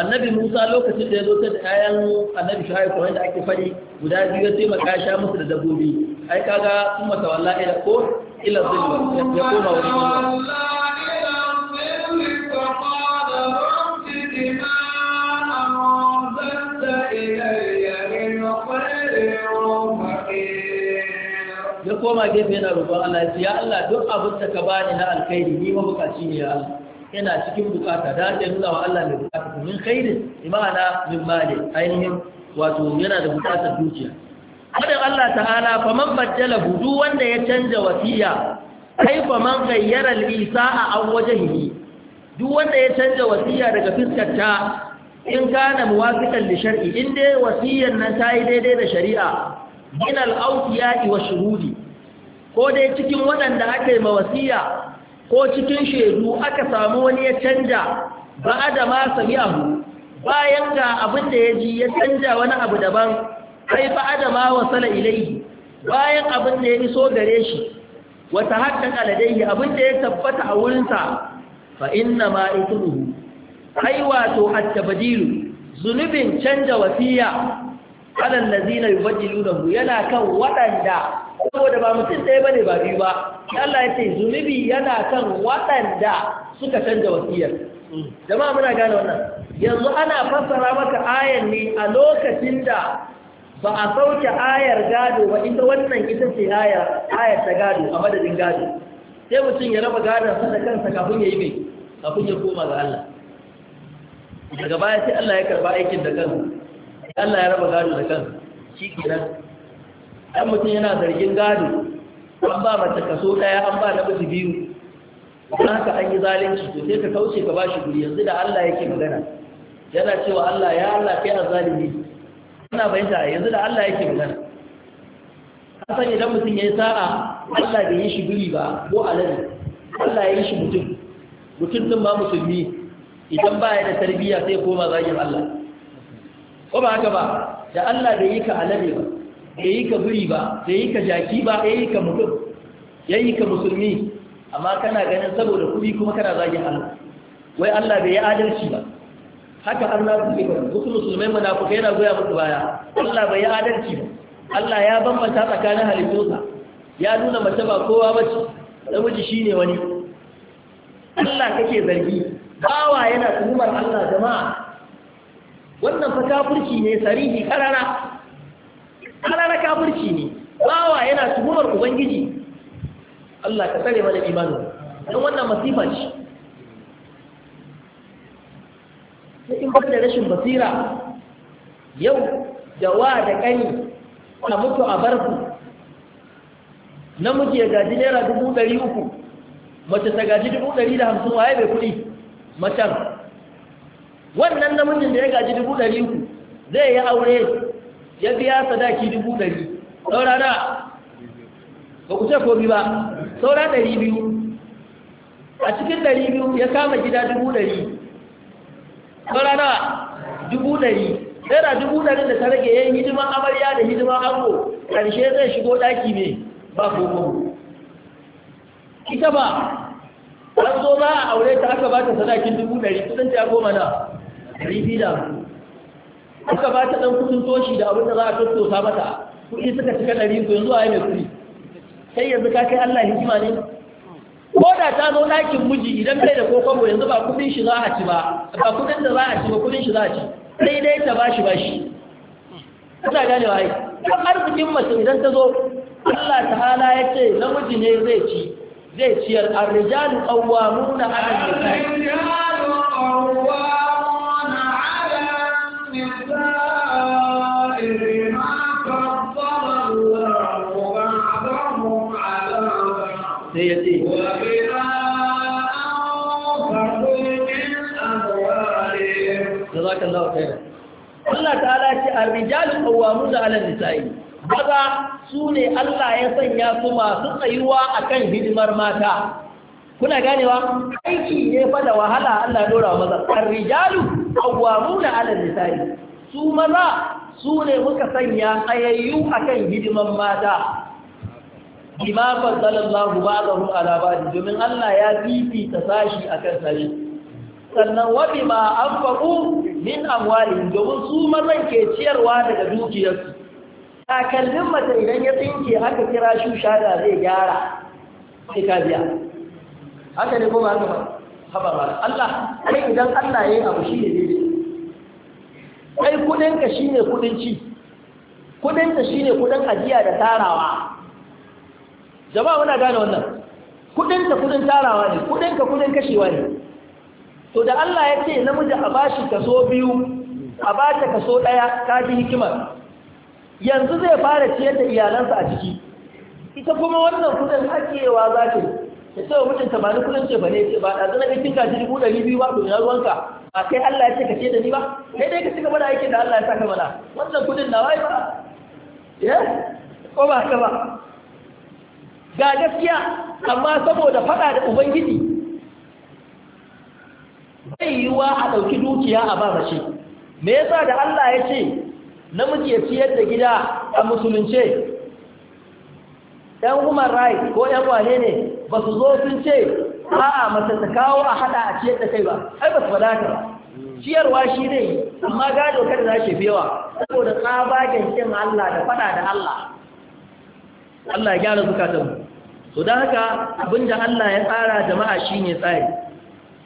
S2: annabi Musa lokacin da ya zo ta da ayan annabi Shu'aib ko wanda ake fari guda biyu ya taimaka sha musu da dabbobi ai kaga kuma tawalla ila ko ila zulma ya koma wani
S1: koma gefe yana roƙon Allah ya ce ya Allah duk abin da ka
S2: bani na alkhairi ni ma bukaci ne ya Allah yana cikin bukata da ake nuna wa Allah mai bukata min khairin imana min mali ainihin wato yana da bukatar dukiya Wadda Allah ta'ala fa man baddala hudu wanda ya canja wasiya kai fa man ghayyara al-isa'a aw wajhihi duk wanda ya canja wasiya daga fiskar ta in kana muwafiqan li shar'i in dai wasiyar nan ta yi daidai da shari'a min al-awqiya'i wa shuhudi ko dai cikin waɗanda aka yi mawasiya ko cikin shaidu aka samu wani ya canja ba da masa abu bayan ga abin da ya ji ya canja wani abu daban sai ba da ma wasala ilaihi bayan abin da ya iso gare shi wata haƙƙan aladaihi abin da ya tabbata a wurinsa fa inna ma ikuru haiwa wato a tabdilu zunubin canja wasiya alal ladina mu yana kan waɗanda saboda ba mutum ɗaya bane ba biyu ba Allah ya ce zunubi yana kan waɗanda suka canza wasiyar jama'a muna gane wannan yanzu ana fassara maka ayar ne a lokacin da ba a sauke ayar gado ba ita wannan ita ce ayar ayar ta gado a madadin gado sai mutum ya raba gadon su da kansa kafin ya yi mai kafin ya koma ga Allah daga baya sai Allah ya karba aikin da kansa Allah ya raba gado da kan shi kenan ɗan mutum yana zargin gado an ba mace kaso ɗaya an ba namiji biyu Kuma haka an yi zalunci to sai ka kauce ka bashi guri yanzu da Allah yake magana yana cewa Allah ya Allah kai a zalimi Ina bayyana yanzu da Allah yake magana an sani idan mutum ya yi sa'a Allah bai yi shi guri ba ko alade Allah ya yi shi mutum mutum din ba musulmi idan ba ya da tarbiyya sai koma zagin Allah ko ba haka ba da Allah da yi ka alade ba da yi ka buri ba da yi ka jaki ba da yi ka mutum ya yi ka musulmi amma kana ganin saboda kuɗi kuma kana zagin Allah wai Allah bai yi adalci ba haka Allah suke ba wasu musulmai munafukai yana goya musu baya Allah bai yi adalci ba Allah ya bambanta tsakanin halittunsa ya nuna mace ba kowa ba ce namiji shine wani Allah kake zargi bawa yana tuhumar Allah jama'a wannan fa kafirci ne sarihi karara karara kafirci ne bawa yana tuhumar ubangiji Allah ka tsare mana imani dan wannan masifa ce sai in bada rashin basira yau da wa da kani a mutu a barku namiji ya gaji naira dubu ɗari uku mace ta gaji dubu ɗari da hamsin waye bai kuɗi macen wannan namijin da ya gaji dubu ɗari ku zai yi aure ya biya sadaki dubu ɗari saura na ba ku ce komi ba saura ɗari biyu a cikin ɗari biyu ya kama gida dubu ɗari saura na dubu ɗari naira dubu ɗari da ta rage yin hidima amarya da hidima ango ƙarshe zai shigo ɗaki ne ba koko ita ba an zo ba a aure ta aka ba ta sadakin dubu ɗari kudin ta goma na ɗari biyu da suka ba ta ɗan kusur toshi da abin da za a tattota mata kuɗi suka cika ɗari ko yanzu a yi mai kuɗi sai yanzu ka kai Allah hikima ne ko da ta zo ɗakin miji idan bai da ko kwabo yanzu ba kuɗin shi za a ci ba ba kuɗin da za a ci ba kuɗin shi za a ci sai dai ta bashi bashi ina gane wa ai kan arzikin mace idan ta zo Allah ta'ala ya ce namiji ne zai ci zai ciyar arrijalu qawwamuna 'ala an-nisa ya ce Allah ta'ala ce a rijalin kawamu nisa'i maza su ne Allah ya sanya su masu tsayuwa akan hidimar mata kuna ganewa aiki ne fa da wahala Allah dora maza ar-rijalu qawwamuna 'ala nisai su maza su ne muka sanya tsayayyu akan hidiman mata bima faddalallahu ba'dahu ala ba'd domin Allah ya fifita sashi akan sashi sannan wa bima anfaqu min amwalihim domin su mazan ke ciyarwa daga dukiyarsu takallin mata idan ya tsinke haka kira shusha shada zai gyara sai ka biya haka ne ko ba haka ba Allah kai idan Allah yayi abu shi ne dai kai kudin ka shine kudin ci kudin ta shine kudin ajiya da tarawa jama'a wana gane wannan kudin ka kudin tarawa ne kudin ka kudin kashewa ne to da Allah ya ce namiji a bashi kaso biyu a bata kaso daya ka ji hikimar yanzu zai fara ciyar da iyalansa a ciki ita kuma wannan kudin hakewa za ta ta ce wa mutunta ba ni kudin ce ba ne ce ba ɗazu na ga kin kaji dubu ribi ba to ya ruwanka ba kai Allah ya ce ka ce da ni ba kai dai ka ci gaba da aikin da Allah ya saka mana wannan kudin na wai ba ya eh? ko ba haka ba ga gaskiya amma saboda faɗa da ubangiji bai yiwuwa a ɗauki dukiya a ba mace me yasa da Allah ya ce namiji ya ciyar da gida a musulunce ɗan human Ra'i ko ɗan wane ne ba su zo sun ce a'a mace ta kawo a haɗa a ciyar da kai ba ai ba su wadata ba ciyarwa shi ne amma gado kada za shi yawa. saboda tsabagen kin Allah da faɗa da Allah Allah ya gyara zukatanmu to dan haka abinda Allah ya tsara jama'a shine tsari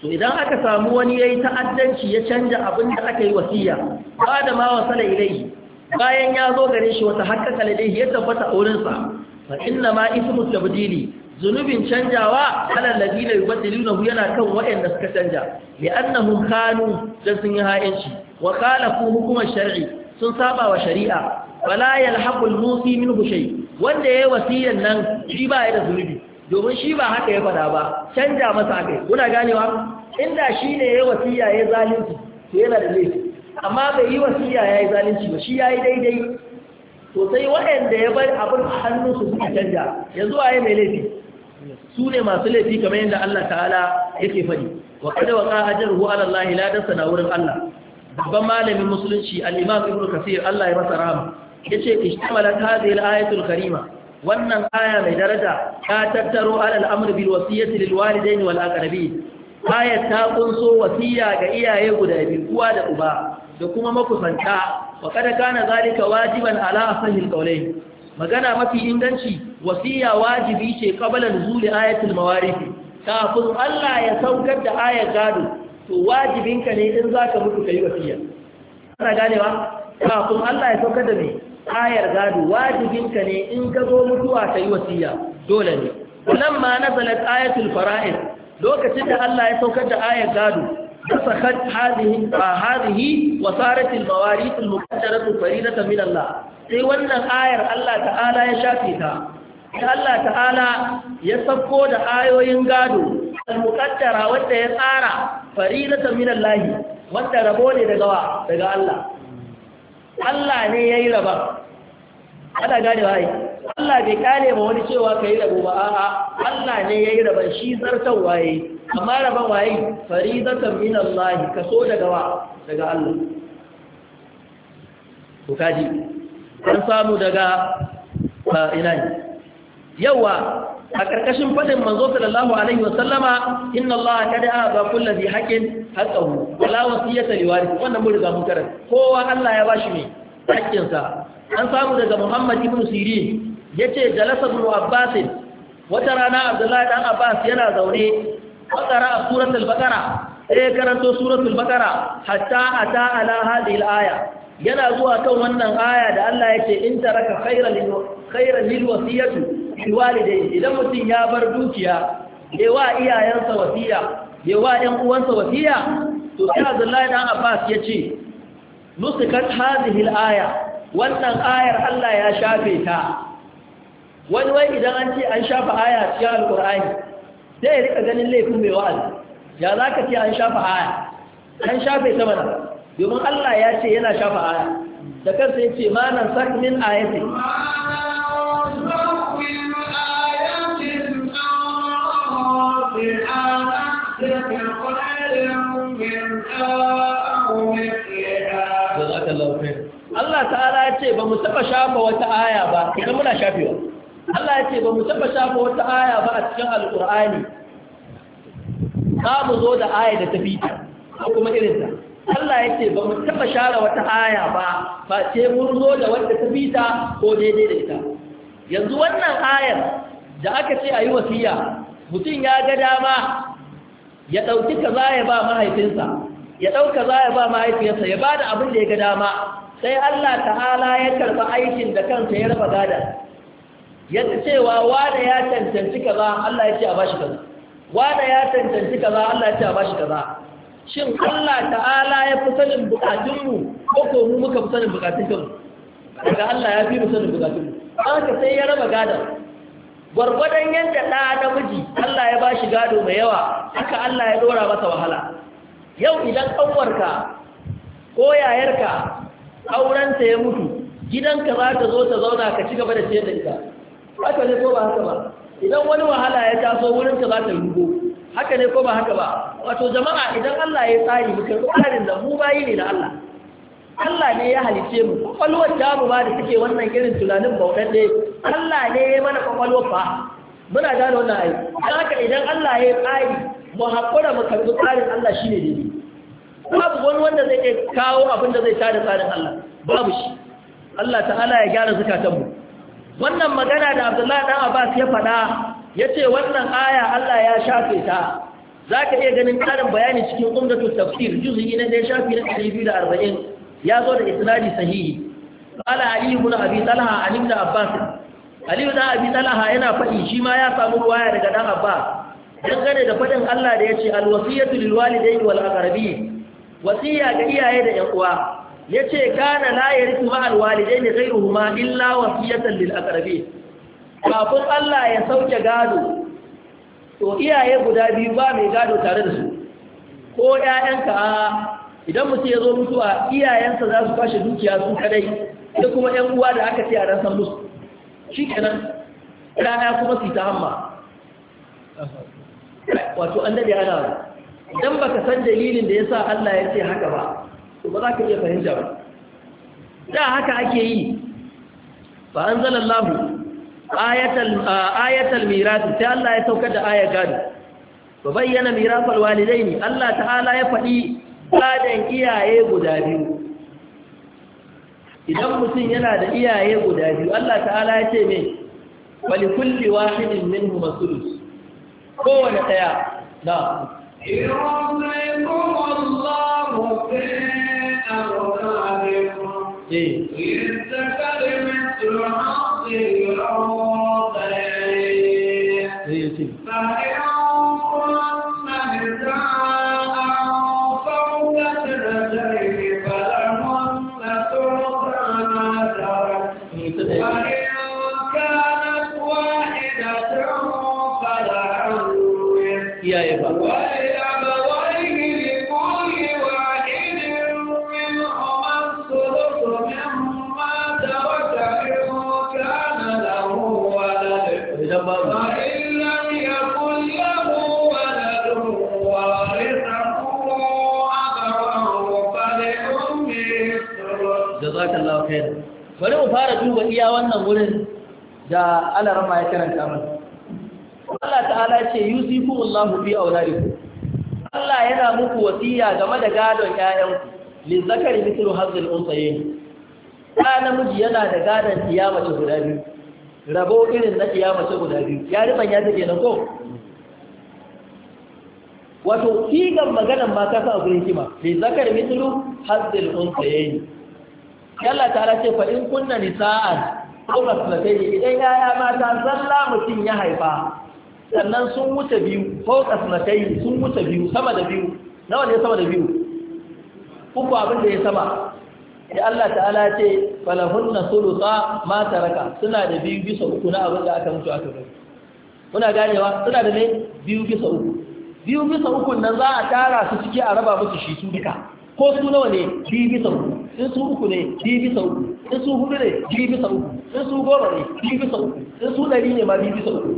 S2: to idan aka samu wani yayi ta'addanci ya canja abinda aka yi wasiya ba da ma wasala ilai bayan ya zo gare shi wata hakkaka ladai ya tabbata auren sa fa inna ma ismu tabdili zunubin canjawa alal ladina yubaddilunahu yana kan wayanda suka canja li annahum kanu dan sun yi ha'inci wa khalafu hukumar shar'i sun saba wa shari'a fala yalhaqul musi minhu shay wanda ya yi wasiyan nan shi ba ya da zunubi domin shi ba haka ya fada ba canja masa haka kuna ganewa inda shi ne ya yi wasiyya ya zalunci to yana da laifi amma bai yi wasiya ya yi zalunci ba shi ya yi daidai to sai waɗanda ya bar abin a su suka canja yanzu a yi mai laifi su ne masu laifi kamar yadda Allah ta'ala yake faɗi wa kada wa ƙa'ajar hu ala Allah na wurin Allah babban malamin musulunci al'imam Ibn ibnu kasir Allah ya masa rahama yace ishtamalat hadhihi al-ayatu al-karima wannan aya mai daraja ta tattaro alal amr bil wasiyati lil walidain wal aqrabin aya ta kunso wasiya ga iyaye guda biyu uwa da uba da kuma makusanta wa kada kana zalika wajiban ala asahil qawlain magana mafi inganci wasiya wajibi ce qabla nuzul ayatul mawarith kafin Allah ya saukar da ayar gado to wajibinka ne in zaka mutu kai wasiya kana ganewa kafin Allah ya saukar da me ayar gado wajibinka ne in ka zo mutuwa ka yi wasiya dole ne nan ma nazalat ayatul fara'id lokacin da Allah ya saukar da ayar gado fasakat hadhihi fa hadhihi wa sarat al mawarith al muqaddaratu faridatan min Allah sai wannan ayar Allah ta'ala ya shafe ta sai Allah ta'ala ya sako da ayoyin gado al muqaddara wanda ya tsara faridatan min Allah wanda rabo ne daga daga Allah Allah ne ya yi raba ana gane wa Allah bai kare ma wani cewa ka yi rabu ba a'a Allah ne ya yi raban shi zartan waye amma raban waye faridatan min Allah kaso daga wa daga Allah to kaji samu daga ina ne yawa a ƙarƙashin faɗin manzo sallallahu alaihi wasallama inna Allah kada aba kullu bi haqqin haqqahu wala wasiyata li warith wannan mun riga mun karanta kowa Allah ya bashi ne haƙƙin sa an samu daga Muhammad ibn Sirin yace jalasa ibn Abbas wata rana Abdullahi dan Abbas yana zaune bakara suratul bakara sai karanto suratul bakara hatta ata ala hadhihi al yana zuwa kan wannan aya da Allah yace in taraka khayran lil wasiyatu walidai idan mutum ya bar dukiya ya wa iyayensa wasiya ya wa ɗan uwansa wasiya to sai Abdullahi dan Abbas ya ce nusikat hadhihi al-aya wannan ayar Allah ya shafe ta wani wai idan an ce an shafa aya cikin alqur'ani sai ya rika ganin laifin mai wa'azi ya zaka ce an shafa aya an shafe ta mana domin Allah ya ce yana shafa aya da kansa yace ma nan sak min ayati
S1: Allah ta'ala
S2: ya ce ba mu taba shafa wata aya ba idan muna shafewa Allah ya ce ba mu taba shafa wata aya ba a cikin alkur'ani ba mu zo da aya da tafi ta ko kuma irinta Allah ya ce ba mu taba share wata aya ba ba ce mun zo da wanda tafi ta ko daidai da ita yanzu wannan ayar da aka ce a yi wasiya mutum ya ga dama ya ɗauki kaza ya ba mahaifinsa ya ɗauka za ya ba mahaifinsa, ya ba da abin da ya ga dama sai Allah ta'ala ya karɓi aikin da kansa ya raba gada yadda cewa wada ya cancanci kaza Allah ya ce a bashi kaza wada ya cancanci kaza Allah ya ce a bashi kaza shin Allah ta'ala ya fi sanin bukatunmu ko ko mu muka fi sanin buƙatun kanmu daga Allah ya fi mu sanin bukatun haka sai ya raba gadon gwargwadon yadda ɗa namiji Allah ya bashi gado mai yawa haka Allah ya dora masa wahala yau idan ƙanwarka ko yayarka aurenta ya mutu gidanka za ta zo ta zauna ka ci gaba da ce da ita haka ne ko ba haka ba idan wani wahala ya taso ka za ta rugo haka ne ko ba haka ba wato jama'a idan Allah ya tsari mutum tsarin da mu bayi ne na Allah Allah ne ya halice mu kwakwalwar tamu ba da suke wannan irin tunanin bauɗaɗɗe Allah ne ya mana kwakwalwar fa muna gane wannan ayi don haka idan Allah ya tsari mu haƙura mu karɓi tsarin Allah shi ne daidai babu wani wanda zai kawo abin da zai tada tsarin Allah babu shi Allah ta'ala ya gyara zukatan mu wannan magana da Abdullahi dan Abbas ya faɗa ya ce wannan aya Allah ya shafe ta za ka iya ganin ƙarin bayani cikin umdatul tafsir juzu'i na ɗaya shafi na ɗari biyu da arba'in ya zo da isnadi sahihi qala ali ibn abi talha an ibn abbas ali ibn abi talha yana faɗi shi ma ya samu ruwaya daga dan abbas dangane da faɗin Allah da yace al wasiyatu lil walidayni wal aqrabin wasiya ga iyaye da yan uwa yace kana la yarithu ma al walidayni ghayruhuma illa wasiyatan lil aqrabin kafin Allah ya sauke gado to iyaye guda biyu ba mai gado tare da su ko ƴaƴanka idan mutum ya zo mutuwa iyayensa za su kwashe dukiya su kadai da kuma yan uwa da aka ce a ran san musu shi kenan rana kuma su ta hamma wato an dade ana wa idan baka san dalilin da ya sa Allah ya ce haka ba to ba za ka iya fahimta ba da haka ake yi fa an zala lahu ayatal mirasi sai Allah ya saukar da ayar gado ba bayyana mirasar walidai ne Allah ta'ala ya faɗi gadon iyaye guda biyu idan mutum yana da iyaye guda biyu Allah ta'ala ya ce ne wali kulli wahidin minhu masulus kowane daya na
S1: يُرْزِقُكُمُ اللَّهُ فِي أَوْلَادِكُمْ إِذْ تَكَلِمَتُ الْحَقِّ يَوْمَ
S2: duba iya wannan wurin da alarama ya karanta mana Allah ta'ala ce Allahu fi auladiku Allah yana muku wasiya game da gadon ƴaƴanku li zakari mithlu hazzil unsayin ɗa namiji yana da gadon ce guda biyu rabo irin na ce guda biyu ya riban ya take na ko wato kigan maganan ma ka sa gurin kima li zakari mithlu hazzil unsayin Allah ta'ala ce fa in kunna nisa'an ko kasnatai idan yaya mata zalla mutum ya haifa sannan sun wuce biyu ko kasnatai sun wuce biyu sama da biyu nawa ne sama da biyu uku abin da ya sama da Allah ta'ala ce falahunna sulusa ma taraka suna da biyu bisa uku na abin da aka mutu aka gani kuna ganewa suna da ne biyu bisa uku biyu bisa uku nan za a tara su ciki a raba musu shi su duka ko su nawa ne biyu bisa uku Sai su uku ne biyu sau uku Sai su hudu ne biyu sau uku Sai su goma ne biyu sau uku Sai su ɗari ne ma biyu sau uku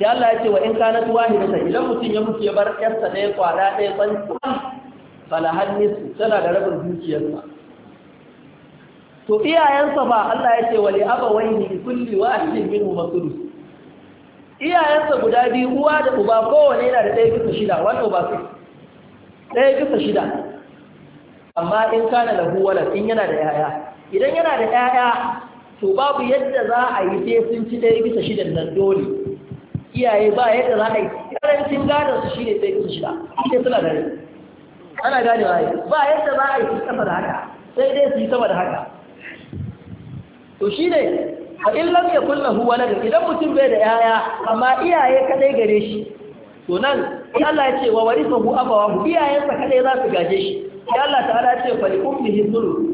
S2: sai Allah ya ce wa in kana tuwa ne da idan mutum ya mutu ya bar yarsa ɗaya kwana ɗaya san fala hannisu tana da rabin dukiyarsa to iyayensa ba Allah ya ce wa wali wani li kulli wa wahidin minhum masulus iyayensa guda biyu uwa da uba kowane yana da ɗaya bisa shida wanda ba su ɗaya bisa shida amma in kana lahu walad in yana da yaya idan yana da yaya to babu yadda za a yi sai sun ci ɗaya bisa shidan nan dole iyaye ba yadda za a yi karancin gadon su shine sai bisa shida sai suna da rai ana gane wa ba yadda za a yi su sama da haka sai dai su yi sama da haka to shi ne a illan ya kulla huwa na idan mutum bai da yaya amma iyaye kadai gare shi to nan Allah ya ce wa warisahu abawahu iyayensa kadai za su gaje shi sai Allah ta'ala ya ce fali li ummihi thuluth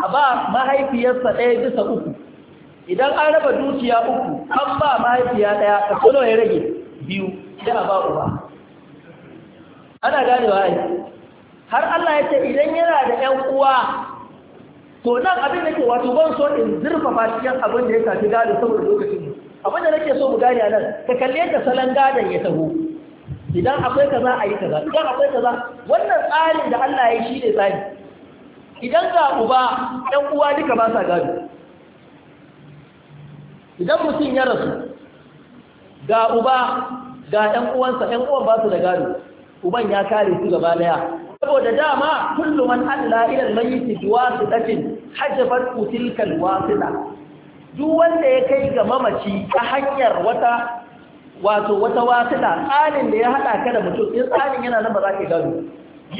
S2: a ba mahaifiyarsa ɗaya bisa uku idan an raba dukiya uku an ba mahaifiya ɗaya ka kuno ya rage biyu da a ba uba ana gane wa ai har Allah ya ce idan yana da ƴan uwa to nan abin da ke wato ban so in zurfafa cikin abin da ya tafi gado saboda lokacin abin da nake so mu gane a nan ka kalle ka salon gadon ya taho idan akwai kaza a yi kaza idan akwai kaza wannan tsarin da Allah ya shi ne tsari idan ga uba ɗan uwa duka ba sa gado idan mutum ya rasu ga uba ga ɗan uwansa ɗan uwan ba su da gado uban ya kare su gaba daya saboda dama kullum an alla ila al-mayyit biwasitatin hajabat tilka al-wasita duk wanda ya kai ga mamaci ta hanyar wata wato wata wasiɗa tsarin da ya haɗa ka da mutum in tsarin yana nan ba za ka gano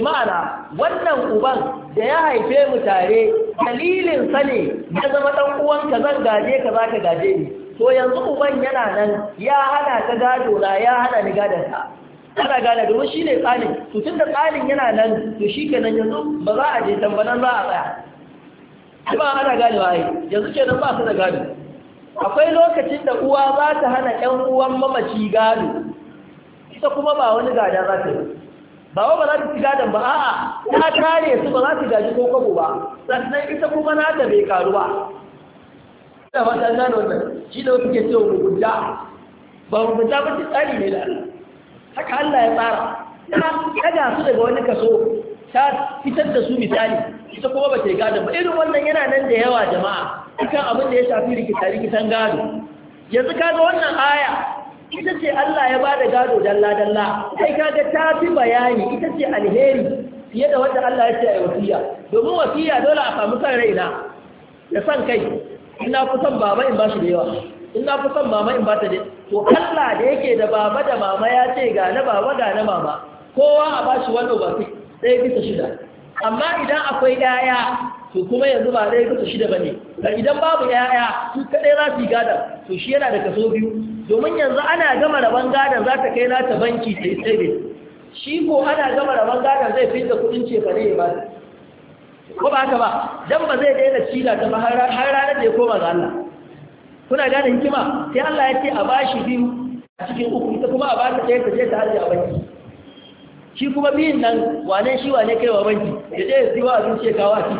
S2: ma'ana wannan uban da ya haife mu tare dalilin sa ne ya zama dan uwanka zan gaje ka zaka gaje ni to yanzu uban yana nan ya hana ka gado na ya hana ni gadon ka kana gane domin shi ne tsarin to tun da tsarin yana nan to shi kenan yanzu ba za a je tambanan za a tsaya ba ana ganewa ai yanzu kenan ba su da gado akwai lokacin da uwa za ta hana ƴan uwan mamaci gado ita kuma ba wani gada za ta yi ba wa ba za ta ci gadon ba a'a ta kare su ba za ta gaji ko kwabo ba sannan ita kuma na ta bai karu ba ina ba ta gano wannan shi da wata ke ce wa mugunta ba mugunta ba ta tsari ne da haka Allah ya tsara ta daga su daga wani kaso ta fitar da su misali ita kuma ba ta gado ba irin wannan yana nan da yawa jama'a ikan abin da ya shafi rikita rikitan gado yanzu kaga wannan aya ita ce Allah ya bada gado dalla dalla kai kaga ta fi bayani ita ce alheri fiye da wanda Allah ya ce a wasiya domin wasiya dole a samu kan raina da san kai ina kusan baba in ba shi da yawa ina kusan mama in ba ta da to Allah da yake da baba da mama ya ce ga na baba ga na mama kowa a ba shi wannan wasiya ɗaya bisa shida amma idan akwai ɗaya to kuma yanzu ba ɗaya bisa shida ba ne idan babu ɗaya su kaɗai za su yi gadon to shi yana da kaso biyu domin yanzu ana gama rabon gadon za ta kai nata banki ta yi tsaye shi ko ana gama rabon gadon zai fi da kuɗin cefa ne ba ko ba haka ba dan ba zai daina cila ta ba har ranar da ya koma ga Allah kuna gane hikima sai Allah ya ce a bashi biyu a cikin uku ita kuma a ba ta ɗaya ta je ta haje a banki shi kuma biyun nan wane shi wane kaiwa banki da ɗaya siwa kawo shekawa yi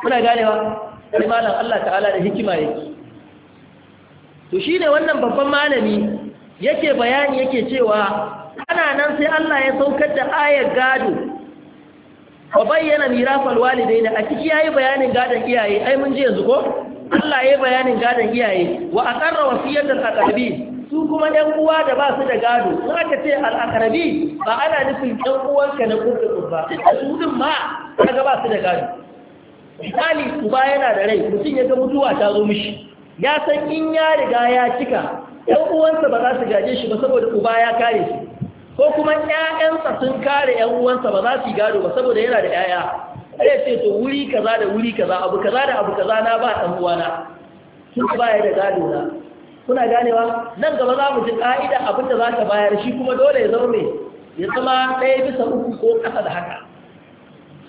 S2: kuna ganewa sai malam Allah ta'ala da hikima yake to shi ne wannan babban malami yake bayani yake cewa ana nan sai Allah ya saukar da ayar gado wa bayyana mirafal na a ciki ya yi bayanin gadon iyaye ai mun ji yanzu ko Allah ya yi bayanin gadon iyaye wa a wasu yadda aqrabin su kuma ‘yan uwa da ba su da gado za ka ce al'akarabi ba ana nufin ‘yan uwanka na kurkuku ba a su ɗin ma kaga ba su da gado misali uba yana da rai mutum ya ga mutuwa ta zo mishi ya san in ya riga ya cika ‘yan uwansa ba za su gaje shi ba saboda uba ya kare shi ko kuma ‘ya'yansa sun kare ‘yan uwansa ba za su yi gado ba saboda yana da ‘ya'ya ya ce to wuri kaza da wuri kaza abu kaza da abu kaza na ba ɗan uwana sun ba ya da gado na kuna ganewa nan gaba za mu ji ka'ida abin da za ka bayar shi kuma dole ya zaune ya zama ɗaya bisa uku ko ƙasa da haka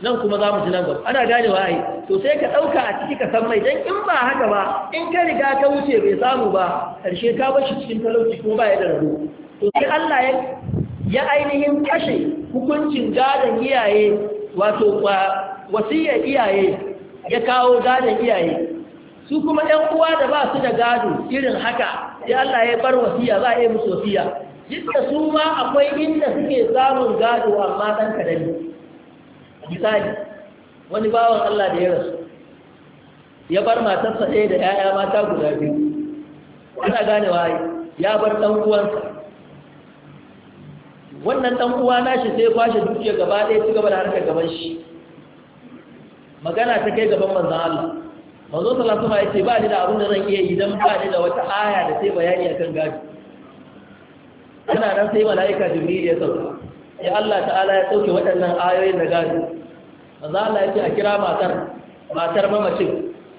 S2: nan kuma za mu ji nan gaba ana ganewa ai to sai ka ɗauka a ciki ka san mai don in ba haka ba in ka riga ka wuce bai samu ba ƙarshe ka bar shi cikin talauci kuma ba ya da rabo to sai Allah ya ya ainihin kashe hukuncin gadon iyaye wato wasiyar iyaye ya kawo gadon iyaye su kuma ‘yan uwa da ba su da gado irin haka Ya Allah ya bar wasiya za a yi musu wasiya duk su ma akwai inda suke samun gado amma ɗan kadani misali wani bawan Allah da ya rasu ya bar matarsa ɗaya da ‘ya'ya mata guda biyu ana gane waye ya bar ɗan uwansa wannan ɗan uwa shi sai kwashe dukiya gaba ɗaya ci gaba da harkar gaban shi magana ta kai gaban manzan Allah manzo sallallahu alaihi wasallam ba ni da abin da zan iya yi ba ni da wata aya da sai bayani akan gadi ina nan sai malaika jibril ya sauka ya Allah ta'ala ya dauke waɗannan ayoyin da gadi manzo Allah ya ce a kira matar matar mamacin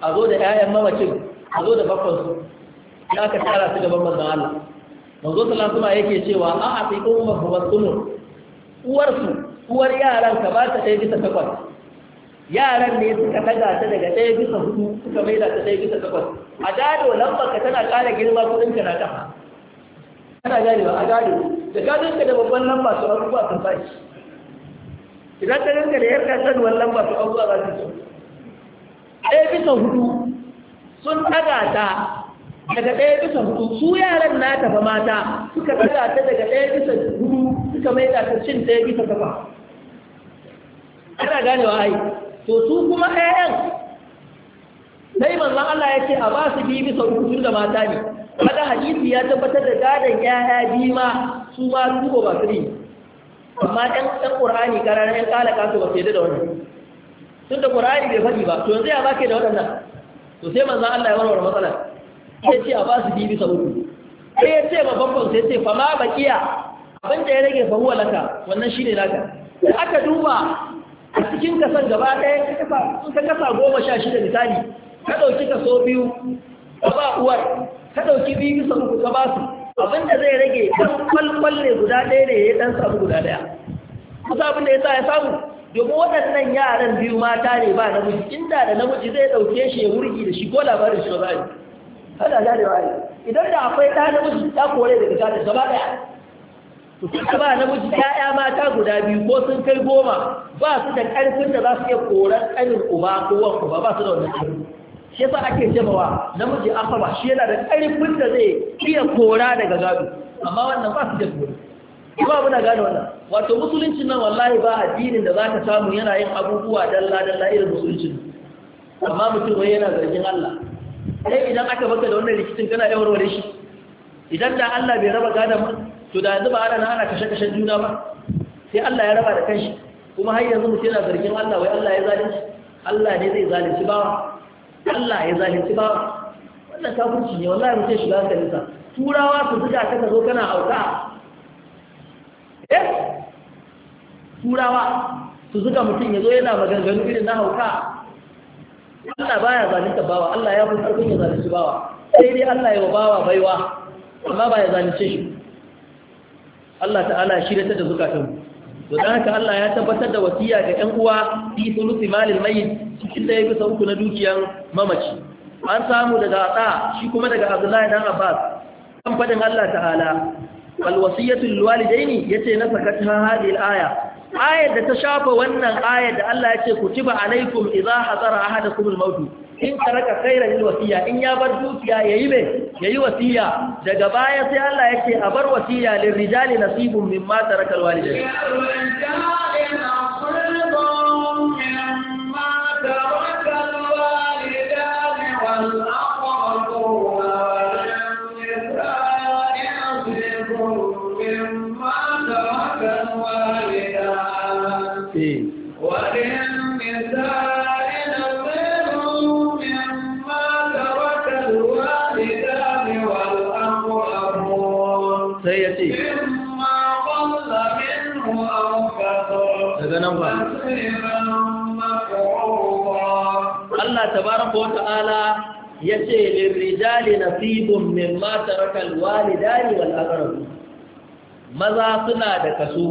S2: a zo da ƴaƴan mamacin a zo da baffan su ya aka tara su gaban manzo Allah manzo sallallahu alaihi wasallam yake cewa a'a fi ummu wa uwarsu uwar yaran ka ba ta ɗaya bisa takwas yaran ne suka daga ta daga ɗaya bisa hudu suka da ta ɗaya bisa takwas a gado lambarka tana ƙara girma kuɗinka na ƙafa ana ganewa a gado da ka da babban lamba su abubuwa sun sa shi idan ka rinka da yarka sanuwar lamba su abubuwa za su kyau ɗaya bisa hudu sun ɗaga ta daga ɗaya bisa hudu su yaran na tafa mata suka ɗaga ta daga ɗaya bisa hudu suka da ta cin ɗaya bisa takwas ana ganewa ai to su kuma ƴaƴan sai manzon Allah ya ce a ba su biyu bisa uku tun da mata ne kada hadisi ya tabbatar da gadon ƴaƴa biyu ma su ma su ba su ne amma ɗan ɗan ƙur'ani ƙarara ɗan ƙala kasu ba su yadda da wannan tun da ƙur'ani bai faɗi ba to yanzu ya ba ke da waɗannan to sai manzon Allah ya warware matsalar ya ce a ba su biyu bisa uku sai ya ce ma babban sai ce fama baƙiya abin da ya rage fahuwa laka wannan shi ne laka da aka duba a cikin kasan gaba ɗaya ka kasa goma sha shida misali ka ɗauki kaso biyu ka ba uwar ka ɗauki biyu bisa uku ka ba su abinda zai rage ɗan kwalkwal ne guda ɗaya ne ya ɗan samu guda ɗaya kusa abinda ya sa ya samu domin waɗannan yaran biyu mata ne ba namiji inda da namiji zai ɗauke shi ya wurgi da shi ko labarin shi ba za a yi kada da idan da akwai ɗa namiji ta kore daga gadar gaba ɗaya su suka ba namiji ƴaƴa mata guda biyu ko sun kai goma ba su da ƙarfin da za su iya koran ƙanin uba ko wa uba ba su da wannan ƙarfi shi yasa ake jamawa namiji asaba shi yana da ƙarfin da zai iya kora daga gado amma wannan ba su da kori ba muna gane wannan wato musuluncin nan wallahi ba addinin da za ka samu yana yin abubuwa dalla dalla irin musuluncin amma mutum wai yana zargin Allah sai idan aka baka da wannan rikicin kana wa shi idan da Allah bai raba gadon to da yanzu ba ana hana kashe-kashen juna ba sai Allah ya raba da kanshi kuma har yanzu mutum yana zargin Allah wai Allah ya zalunci Allah ne zai zalunci bawa Allah ya zalunci bawa wannan kafirci ne wallahi mutum shiga sa. turawa su zuga ka ka zo kana hauka? eh turawa su zuga mutum ya zo yana maganganu irin na hauka Allah baya zalunta bawa Allah ya fi karfin ya zalunci bawa sai dai Allah ya wa bawa baiwa amma ba ya zalunce shi Allah ta'ala ya shirya ta da zukatan to dan haka Allah ya tabbatar da wasiya ga ƴan uwa fi sulusi malil mayyit cikin da yake sauku na dukiyan mamaci an samu daga ata shi kuma daga Abdullahi dan Abbas kan fadin Allah ta'ala wal wasiyatu lil walidaini yace na sakata hadhihi al aya ayar da ta shafa wannan ayar da Allah ya ce kutiba alaikum idza hadara ahadakum al maut in taraka khairan lil wasiya in ya bar dukiya yayi me yayi wasiya daga baya sai Allah yake a bar wasiya lil rijali nasibun mimma taraka al walidain wa ta'ala ya ce lirrijali na fibin mimma tarakal walidari wal agarabu maza suna da kaso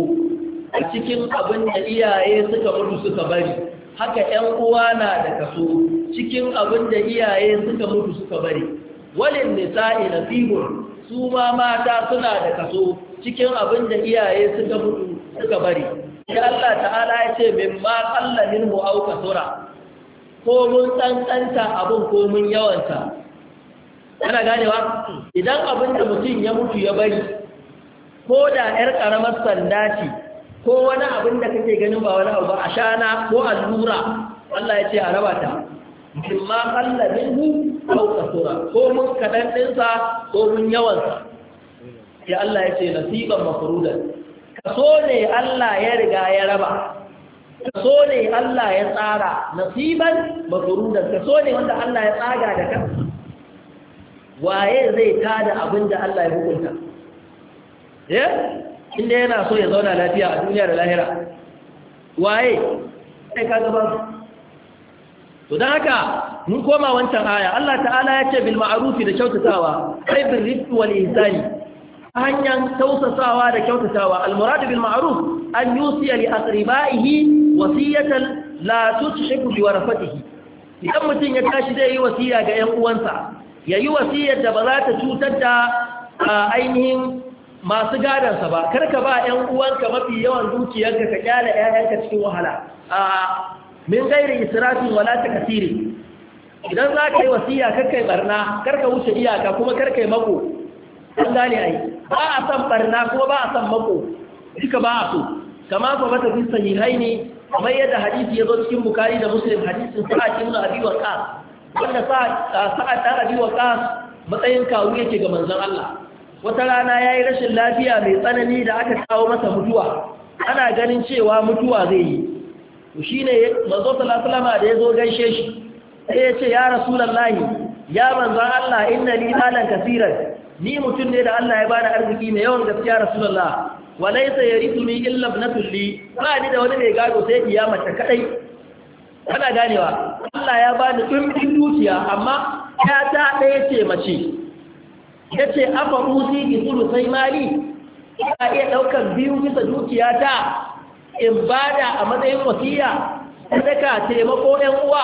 S2: a cikin abin da iyaye suka mutu suka bari haka ‘yan uwa na da kaso cikin abin da iyaye suka mutu suka bari walin nisa'i na fibin su ma mata suna da kaso cikin abin da iyaye suka mutu suka bari ya Allah ta'ala ya ce min ma kallanin mu auka sura ko mun tsantsanta abin ko mun yawanta ana ganewa idan abin da mutum ya mutu ya bari ko da 'yar ƙaramar sanda ce ko wani abin da kake ganin ba wani abu ba a shana ko allura Allah ya ce a raba ta imma qalla minhu aw kasura ko mun kaɗan ɗinsa ko mun yawansa ya Allah ya ce nasiban mafruda kaso ne Allah ya riga ya raba so ne Allah ya tsara nasiban mafurudan ka so ne wanda Allah ya tsaga da kan waye zai tada abin da Allah ya hukunta eh inda yana so ya zauna lafiya a duniya da lahira waye sai ka gaba to dan haka mun koma wancan aya Allah ta'ala ya ce bil ma'ruf da kyautatawa ai bil rifq wal ihsani hanyar tausasawa da kyautatawa al murad bil ma'ruf an yusiya li aqribaihi wasiyatan la tushibu bi warafatihi idan mutum ya tashi zai yi wasiya ga ƴan uwansa yayi wasiyar da ba za ta cutar da ainihin masu gadansa ba karka ba 'yan'uwanka uwanka mafi yawan dukiyarka ka kyala ‘ya'yanka cikin wahala a min gairi israfin wala ta kasiri idan za ka yi wasiya karka yi barna karka wuce iyaka kuma karka yi mako an gane ai ba a san barna kuma ba a san mako duka ba a so kama ba mata fi sahihaini kamar yadda hadisi ya zo cikin bukari da muslim hadisin sa'ad ibn abi waqas wanda sa'ad ta abi waqas matsayin kawu yake ga manzon Allah wata rana yayi rashin lafiya mai tsanani da aka kawo masa mutuwa ana ganin cewa mutuwa zai yi to shine manzo sallallahu alaihi wasallam da yazo gaishe shi sai ya ce ya rasulullahi ya manzon Allah inna li malan kaseeran ni mutum ne da Allah ya bani arziki mai yawan gaskiya rasulullah walaysa yarithuni illa ibnatul li ba ni da wani mai gado sai kiyama ta kadai kana ganewa Allah ya bani dimbin dukiya amma ya ta daya ce mace yace afa usi bi sai mali ina iya daukar biyu bisa dukiya ta in bada a matsayin wasiya sadaka taimako ɗan uwa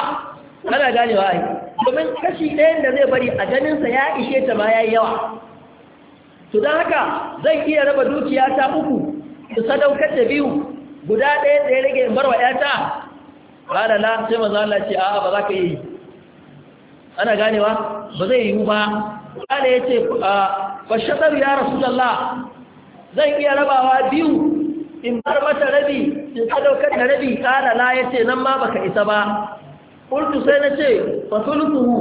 S2: kana ganewa ai domin kashi ɗayan da zai bari a ganinsa ya ishe ta ma ya yi yawa to don haka zan iya raba dukiya ta uku su sadaukar da biyu guda ɗaya da ya rage in barwa ƴata ƙara na sai maza Allah ce a'a ba za ka yi ana ganewa ba zai yiwu ba ƙara ya ce fashatar ya rasu Allah zan iya rabawa biyu in bar mata rabi in sadaukar da rabi ƙara na ya ce nan ma baka isa ba kultu sai na ce fasulutuhu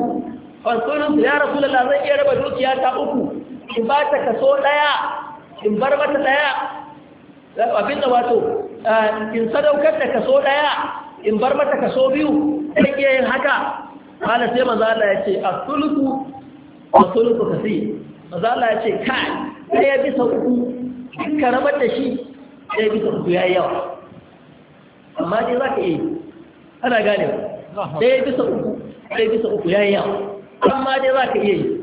S2: fasulutu ya rasu lalata zai iya raba dukiya ta uku in ba ta kaso ɗaya in bar mata ɗaya abin da wato in sadaukar da kaso ɗaya in bar mata kaso biyu ɗan iya yin haka ƙala sai mazala ya ce a sulutu a sulutu ka sai mazala ya ce kai ɗaya bisa uku in ka rabar da shi ɗaya bisa uku ya yi yawa amma dai za ka iya ana ganewa ɗaya bisa uku ɗaya bisa uku ya yi yawa amma dai za ka iya yi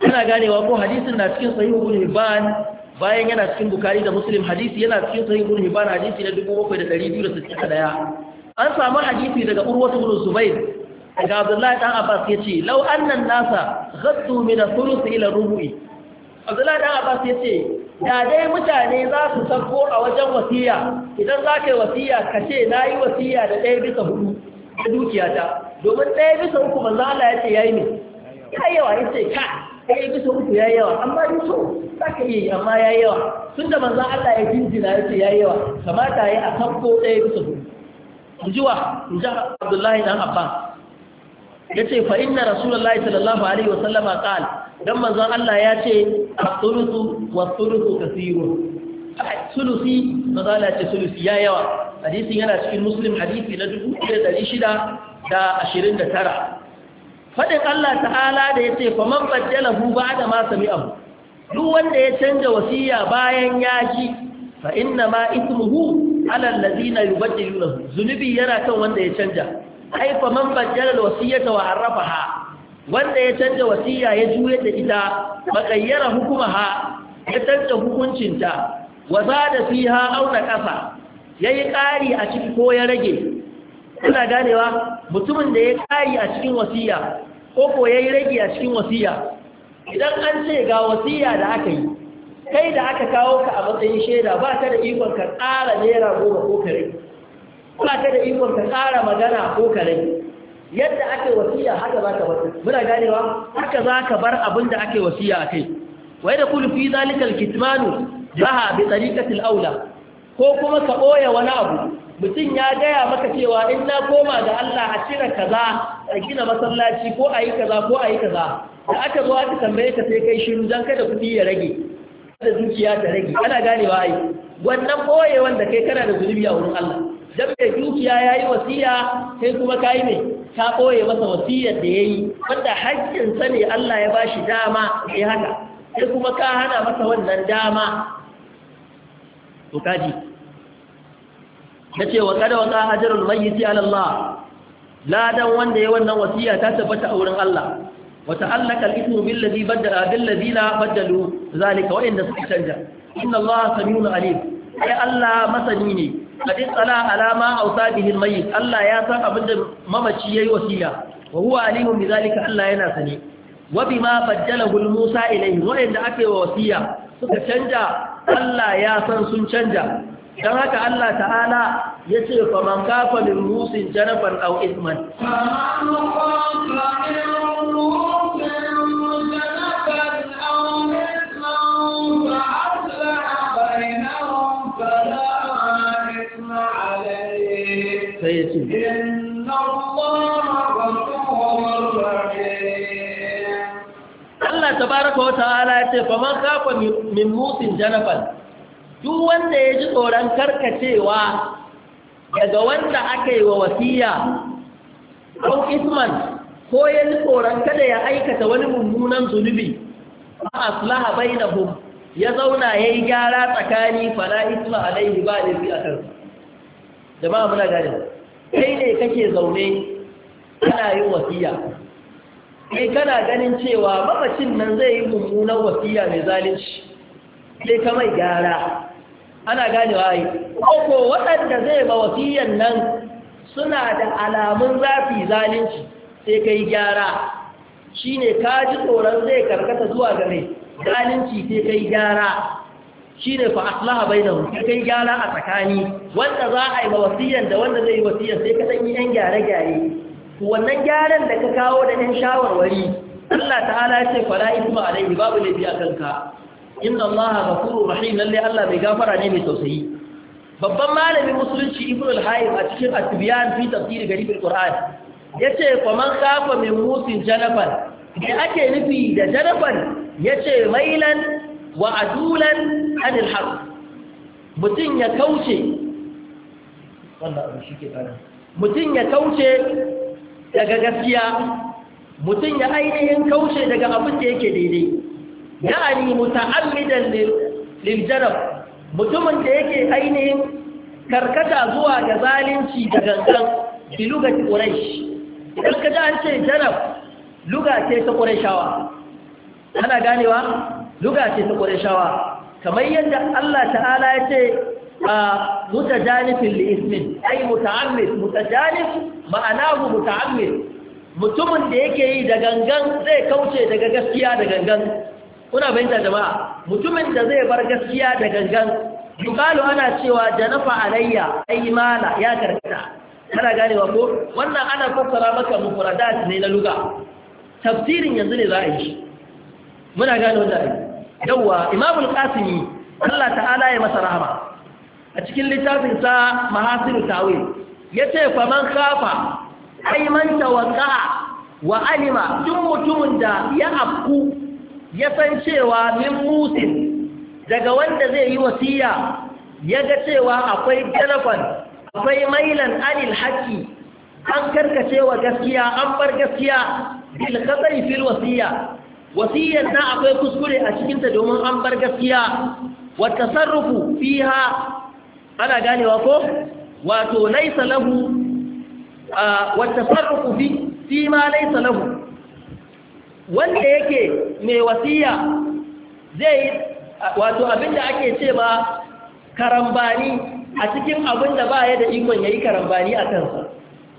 S2: kana ganewa ko hadisin na cikin sahihu bin hibban bayan yana cikin bukari da muslim hadisi yana cikin sahihu bin hibban hadisi na 7261 an samu hadisi daga urwatu ibn zubair daga abdullahi dan abbas yace ce lau an-nasa ghaddu min thuluth ila rubu'i abdullahi dan abbas yace da dai mutane za su sako a wajen wasiya idan za ka yi wasiya ka ce na yi wasiya da ɗaya bisa hudu ta dukiyata domin ɗaya bisa uku manzo Allah ya ce yayi ne yayi yawa ya ce ka ɗaya bisa uku yayi yawa amma ni so za ka yi amma yayi yawa tun da manzo Allah ya jinjina ya ce yayi yawa kamata yi a kanko ɗaya bisa uku in ji wa in ji Abdullahi dan Abbas ya ce fa inna rasulullahi sallallahu alaihi wa sallama qala dan manzo Allah ya ce a thuluthu wa ka siyo. sulusi mazala ce sulusi ya yawa hadisin yana cikin muslim hadisi na 1629 faɗin Allah ta'ala da ya ce faman hu ba da ma sami abu duk wanda ya canja wasiya bayan ya ji fa inna ma ismuhu alal ladina yubaddiluhu zunubi yana kan wanda ya canja ai faman bajjala wasiyata wa arrafaha wanda ya canja wasiya ya juya da ita makayyara hukumaha ya canja hukuncinta wa zada fiha auna ƙasa ya yi ƙari a ciki ko ya rage kuna ganewa mutumin da ya ƙari a cikin wasiya ko ko ya yi rage a cikin wasiya idan an ce ga wasiya da aka yi kai da aka kawo ka a matsayin shaida ba ta da ikon ka ƙara naira goma ko kare ba ta da ikon ka ƙara magana ko kare yadda ake wasiya haka za ka bar muna ganewa haka za ka bar abin da ake wasiya a kai wai da kulu fi zalikal kitmanu jaha bi tariqatil aula ko kuma ka boye wani abu mutum ya gaya maka cewa in na koma ga Allah a cire kaza a gina masallaci ko a yi kaza ko a yi kaza da aka zo aka tambaye ka sai kai shiru dan kada kuɗi ya rage da zuciya ta rage ana ganewa ai wannan boye wanda kai kana da zunubi a wurin Allah dan mai zuciya yayi wasiya sai kuma kai ne ka boye masa wasiyar da yayi wanda haƙƙin sa ne Allah ya bashi dama sai haka sai kuma ka hana masa wannan dama to kaji yace wa kada wa hajarul mayyit ala Allah ladan wanda ya wannan wasiya ta tabbata a wurin Allah wa ta'allaka al-ithmu bil ladhi la badalu zalika wa suka canja inna Allah samiun alim Sai Allah masani ne hadis ala alama awsa bihi al-mayyit Allah ya san abin da mamaci yayi wasiya wa huwa alimun bi zalika Allah yana sani wa bima badalahu al-Musa ilayhi wa aka yi wasiya suka canja Allah ya san sun canja don haka Allah ta'ala ya ce man kafa min rusin janafan au isman
S1: sai ya ce
S2: tabaraka wa ta'ala ya ce fa man kafa min musin janafan duk wanda ya ji tsoron karkacewa daga wanda aka yi wa wasiya ko isman ko ya ji tsoron kada ya aikata wani mummunan zunubi ba a bai na hu ya zauna ya yi gyara tsakani fara isma alaihi ba da fi kan jama'a muna gani kai ne kake zaune ana yin wasiya sai kana ganin cewa mabacin nan zai yi mummunan wasiya mai zalunci sai ka mai gara ana ganewa yi ko waɗanda zai ba wasiyan nan suna da alamun zafi zalunci sai ka yi gyara shi ne ka ji tsoron zai karkata zuwa ga mai zalunci sai ka yi gyara shi ne fa'aslaha bai da ka kai gyara a tsakani wanda za a yi ba wasiyan da wanda zai yi wasiyan sai ka yi ‘yan gyare-gyare wannan gyaran da ka kawo da ɗan shawarwari Allah ta'ala ya ce fara a alaihi babu laifi a kanka inna Allah ghafurur rahim lalle Allah mai gafara ne mai tausayi babban malamin musulunci ibn al a cikin at-tibyan fi tafsir garib al-qur'an yace faman khafa min musin janaban ake nufi da janaban yace mailan wa adulan anil harb mutun ya kauce kana mutun ya kauce daga gaskiya mutum ya ainihin kaushe daga abin da yake daidai ya'ani muta'ammidan lil jarab mutumin da yake ainihin karkata zuwa ga zalunci da gangan bi lugat quraish idan ka ji an ce jarab luga ce ta qurayshawa ana ganewa luga ce ta qurayshawa kamar yadda Allah ta'ala ya ce a ah, mutajanifin li ismin ay muta'ammid mutajanif ma'ana hu muta'ammid mutumin da yake yi da gangan zai kauce daga gaskiya da gangan kuna bayyana jama'a mutumin da zai bar gaskiya da gangan yukalu ana cewa janafa alayya aymana ya karkata kana ganewa ko wannan ana fassara maka mufradat ne na lugha tafsirin yanzu ne za a yi muna gane wannan yawa imamul qasimi Allah ta'ala ya masa rahama a cikin littafin sa mahasirut ta'wil ya ce faman kafa ai manta tawakka wa alima duk mutumin da ya afku ya san cewa min musin daga wanda zai yi wasiya ya ga cewa akwai telefon akwai mailan anil haƙi an karkace wa gaskiya an bar gaskiya bil khatari fil wasiya wasiyar na akwai kuskure a cikinta domin an bar gaskiya Wata sarrufu fiha ana ganewa ko wato laisa lahu wa tafarruqu fi fi ma laisa lahu wanda yake mai wasiya zai wato abinda ake ce ba, karambani a cikin abinda ba ya da ikon ya yi karambani a kansa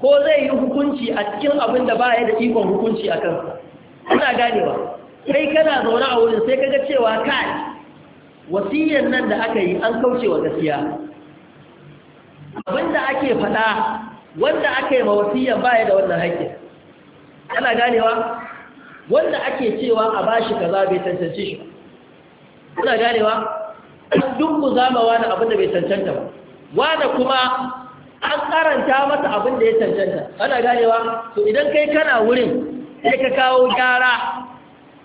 S2: ko zai yi hukunci a cikin abinda ba ya da ikon hukunci a kansa ana ganewa Sai kana zaune a wurin sai kaga cewa kai wasiyan nan da aka yi an kauce wa gaskiya abinda ake faɗa wanda ake yi mawasiyar baya da wannan haƙƙin ana ganewa wanda ake cewa a bashi kaza bai tantance shi kuna ganewa an mu zama wani abin da bai tantanta ba wanda kuma an karanta masa abin da ya tantanta ana ganewa to idan kai kana wurin sai ka kawo gyara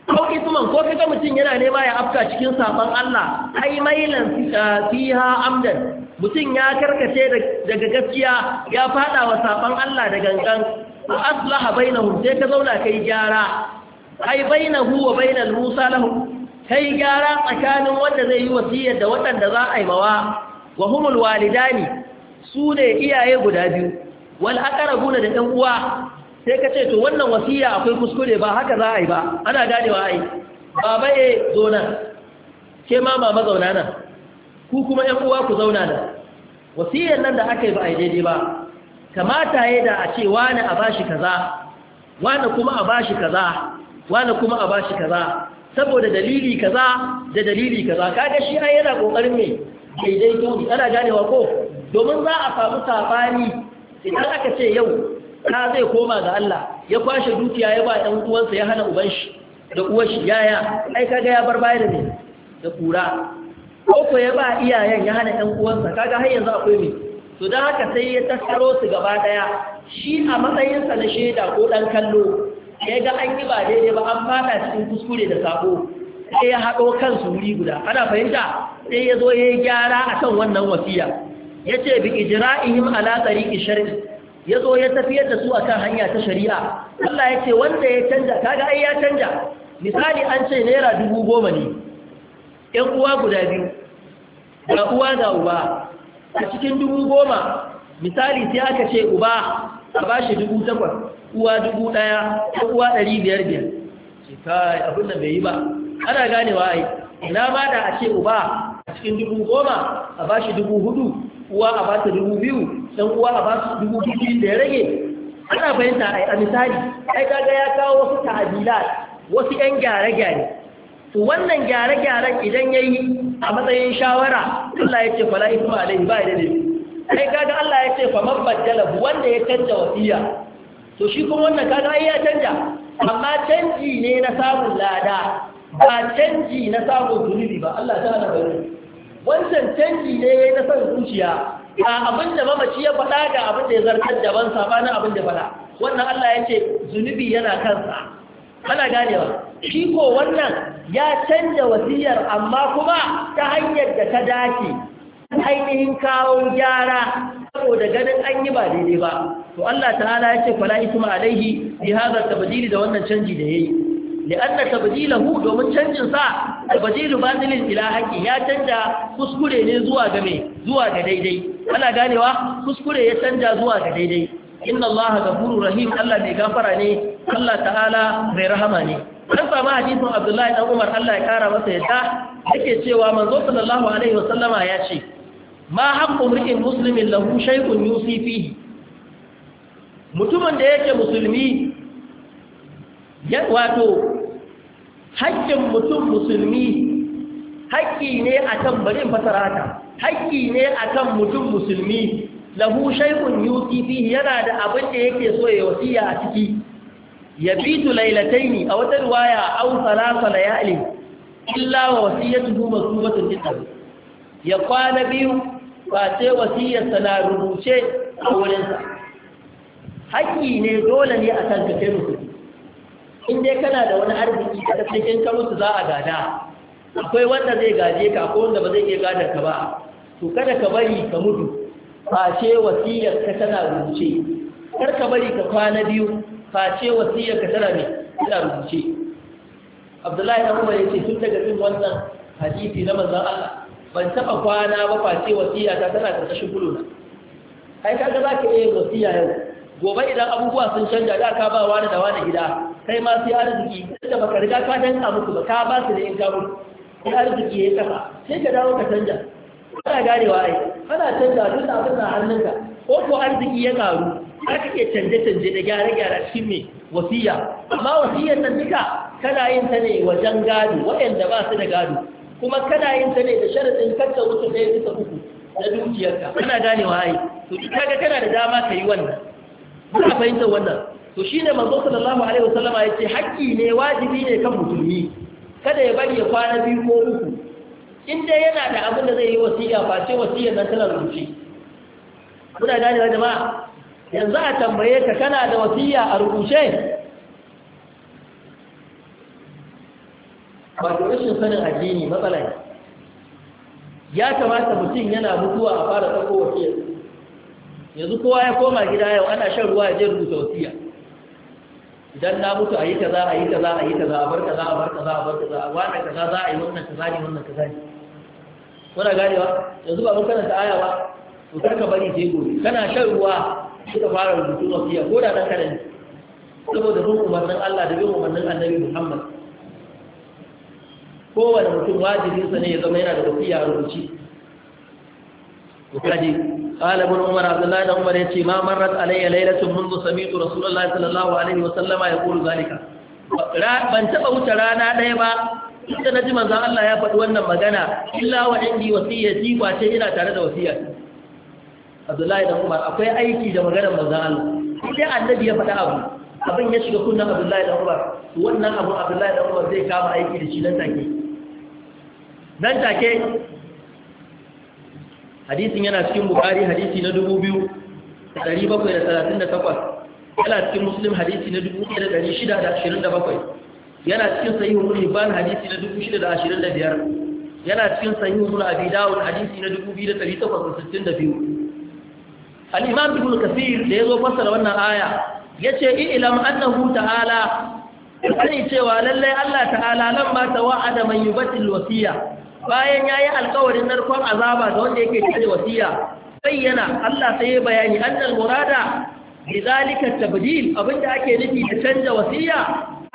S2: ko isman ko kaga mutum yana nema ya afka cikin saban Allah ai mailan eh, fiha amdan mutum ya karkace daga gaskiya ya fada wa saban Allah da gangan wa aslaha bainahum sai ka zauna kai gyara ai bainahu wa bainal musa lahum kai gyara tsakanin wanda zai yi wasiyar da waɗanda za a yi mawa wa humul walidani su ne iyaye guda biyu wal aqrabuna da ɗan uwa sai ka ce to wannan wasiya akwai kuskure ba haka za a yi ba ana ganewa ai baba eh zo nan ke ma mama zauna nan ku kuma ‘yan uwa ku zauna da wasiyar nan da aka yi ba a yi daidai ba kamata ya da a ce wani a bashi kaza wani kuma a bashi kaza wani kuma a bashi kaza saboda dalili kaza da dalili kaza kaga shi ai yana kokarin me dai ne ana ganewa ko domin za a samu sabani idan aka ce yau ka zai koma ga Allah ya kwashe dukiya ya ba ɗan uwansa ya hana uban shi da uwar shi yaya ai kaga ya bar baya da ne da kura Koko ya ba iyayen ya hana ɗan uwansa kaga har yanzu akwai ne to dan haka sai ya tasaro su gaba ɗaya shi a matsayinsa na shaida ko ɗan kallo ya ga an yi ba daidai ba an fada cikin kuskure da saƙo. sai ya haɗo kansu wuri guda ana fahimta sai ya zo ya yi gyara a kan wannan wasiya ya ce bi ijra'ihim ala tariqi shar'i ya zo ya tafiyar da su akan hanya ta shari'a Allah ya ce wanda ya canja kaga ai ya canja misali an ce naira dubu goma ne ‘yan uwa guda biyu ga uwa na uba a cikin dubu goma misali sai aka ce uba a ba shi dubu takwas uwa dubu ɗaya ko uwa ɗari biyar biyar ce kai abin da bai yi ba ana ganewa ai ina ma da a ce uba a cikin dubu goma a ba shi dubu hudu uwa a ba ta dubu biyu ɗan uwa a ba su dubu biyu da ya rage ana fahimta a misali ai kaga ya kawo wasu ta'adilat wasu 'yan gyare-gyare wannan gyare-gyaren idan ya yi a matsayin shawara Allah ya ce la'ifu a alaihi ba da dai kai kaga Allah ya ce fa man baddala wanda ya canja wasiya to shi kuma wannan kaga ai ya canja amma canji ne na samun lada ba canji na samun zunubi ba Allah ta hana bari wancan canji ne yayi na san zuciya a abin da mamaci ya faɗa ga abin da ya zartar da daban na abin da faɗa wannan Allah ya ce zunubi yana kansa ana ganewa shi ko wannan ya canza wasiyar amma kuma ta hanyar da ta dace ainihin kawo gyara saboda ganin an yi ba daidai ba to Allah ta'ala ya ce fala isma alaihi bi hadha tabdili da wannan canji da yayi li'anna tabdilahu domin canjin sa tabdilu batilin ila haqi ya canja kuskure ne zuwa ga me zuwa ga daidai ana ganewa kuskure ya canja zuwa ga daidai inna allaha ghafurur rahim Allah mai gafara ne Allah ta'ala mai rahama ne an sami hadisun abdullahi dan umar allah ya kara masa yadda yake cewa manzo sallallahu alaihi wasallama ya ce ma haqqu mri'in musulmi lahu shaikun yusi mutumin da yake musulmi wato haƙƙin mutum musulmi haƙƙi ne akan bari fasarata, haƙƙi ne akan mutum musulmi lahu shaikun yusi yana da abin da yake so ya wasiya a ciki Ya tu lailataini a wata riwaya aw salasa layali illa wa su maktubatun jiddan ya kwana biyu ba sai wasiyarsa na rubuce a wurinsa haƙƙi ne dole ne a kan kafe musu in dai kana da wani arziki da cikin ka musu za a gada akwai wanda zai gaje ka ko wanda ba zai iya gada ka ba to kada ka bari ka mutu ba sai wasiyarka tana rubuce kar ka bari ka kwana biyu face wasiyar ka tana ne tana rubuce abdullahi dan umar yace tun daga bin wannan hadisi na manzon Allah ban taba kwana ba face wasiya ta tana karkashin kullu na kai kaga zaka yi wasiya yau gobe idan abubuwa sun canja da ka ba wani da wani gida kai ma sai arziki da ka riga ka danka musu ba ka ba su da in ka mutu arziki ya kafa sai ka dawo ka canja kana ganewa ai kana canja duk abin da hannunka ko ko arziki ya karu za ka iya canje-canje da gyare-gyare cikin mai wasiya amma wasiyar nan duka kana yin ta ne wajen gado waɗanda ba su da gado kuma kana yin ta ne da sharaɗin kanta wuce ɗaya bisa uku na dukiyarka kana gane wa ai to duk kaga kana da dama ka yi wannan kuna fahimtar wannan to shi ne manzo sallallahu alaihi wasallam ya ce haƙƙi ne wajibi ne kan musulmi kada ya bari ya kwana biyu ko uku in dai yana da abin da zai yi wasiya ba ce wasiyar nan tana rubuce kuna gane wa jama'a yanzu a tambaye ka kana da wasiya a rubuce wato rashin sanin addini matsala ne ya kamata mutum yana mutuwa a fara tsako wasiya yanzu kowa ya koma gida yau ana shan ruwa ya je rubuta wasiya idan na mutu a yi kaza a yi kaza a yi kaza a bar kaza a bar kaza a bar kaza a wani kaza za a yi wannan kaza ne wannan kaza ne kuna ganewa yanzu ba mun karanta aya ba to karka bari sai gobe kana shan ruwa suka fara rubutu wasiya ko da ɗan kaɗan saboda bin umarnin Allah da bin umarnin annabi Muhammad kowane mutum wajibinsa ne ya zama yana da wasiya a rubuci kaji قال ابن عمر عبد الله بن عمر يتي ما مرت علي ليله منذ سمعت رسول Sallallahu alaihi wa sallama ya يقول Zalika. ban taɓa wuce rana ɗaya ba na ji manzon Allah ya faɗi wannan magana illa wa indi wasiyati ba ce ina tare da wasiyati abdullahi da umar akwai aiki da maganar manzan Allah sai annabi ya faɗa abu abin ya shiga kunnan abdullahi da umar wannan abu abdullahi da umar zai kama aiki da shi nan take nan take hadisin yana cikin bukari hadisi na dubu biyu da da takwas, yana cikin muslim hadisi na dubu da shida ashirin bakwai, yana cikin sahihul muhibban hadisi na dubu shida da da biyar, yana cikin sahihul abi dawud hadisi na dubu da da al-imam ibn kathir da zo fassara wannan aya yace ilam annahu ta'ala sani cewa lallai Allah ta'ala nan ba ta wa'ada man yubatil wasiya bayan yayi alkawarin narkon azaba ga wanda yake cire wasiya bayyana Allah sai bayani annal murada bidhalika tabdil abinda ake nufi da canja wasiya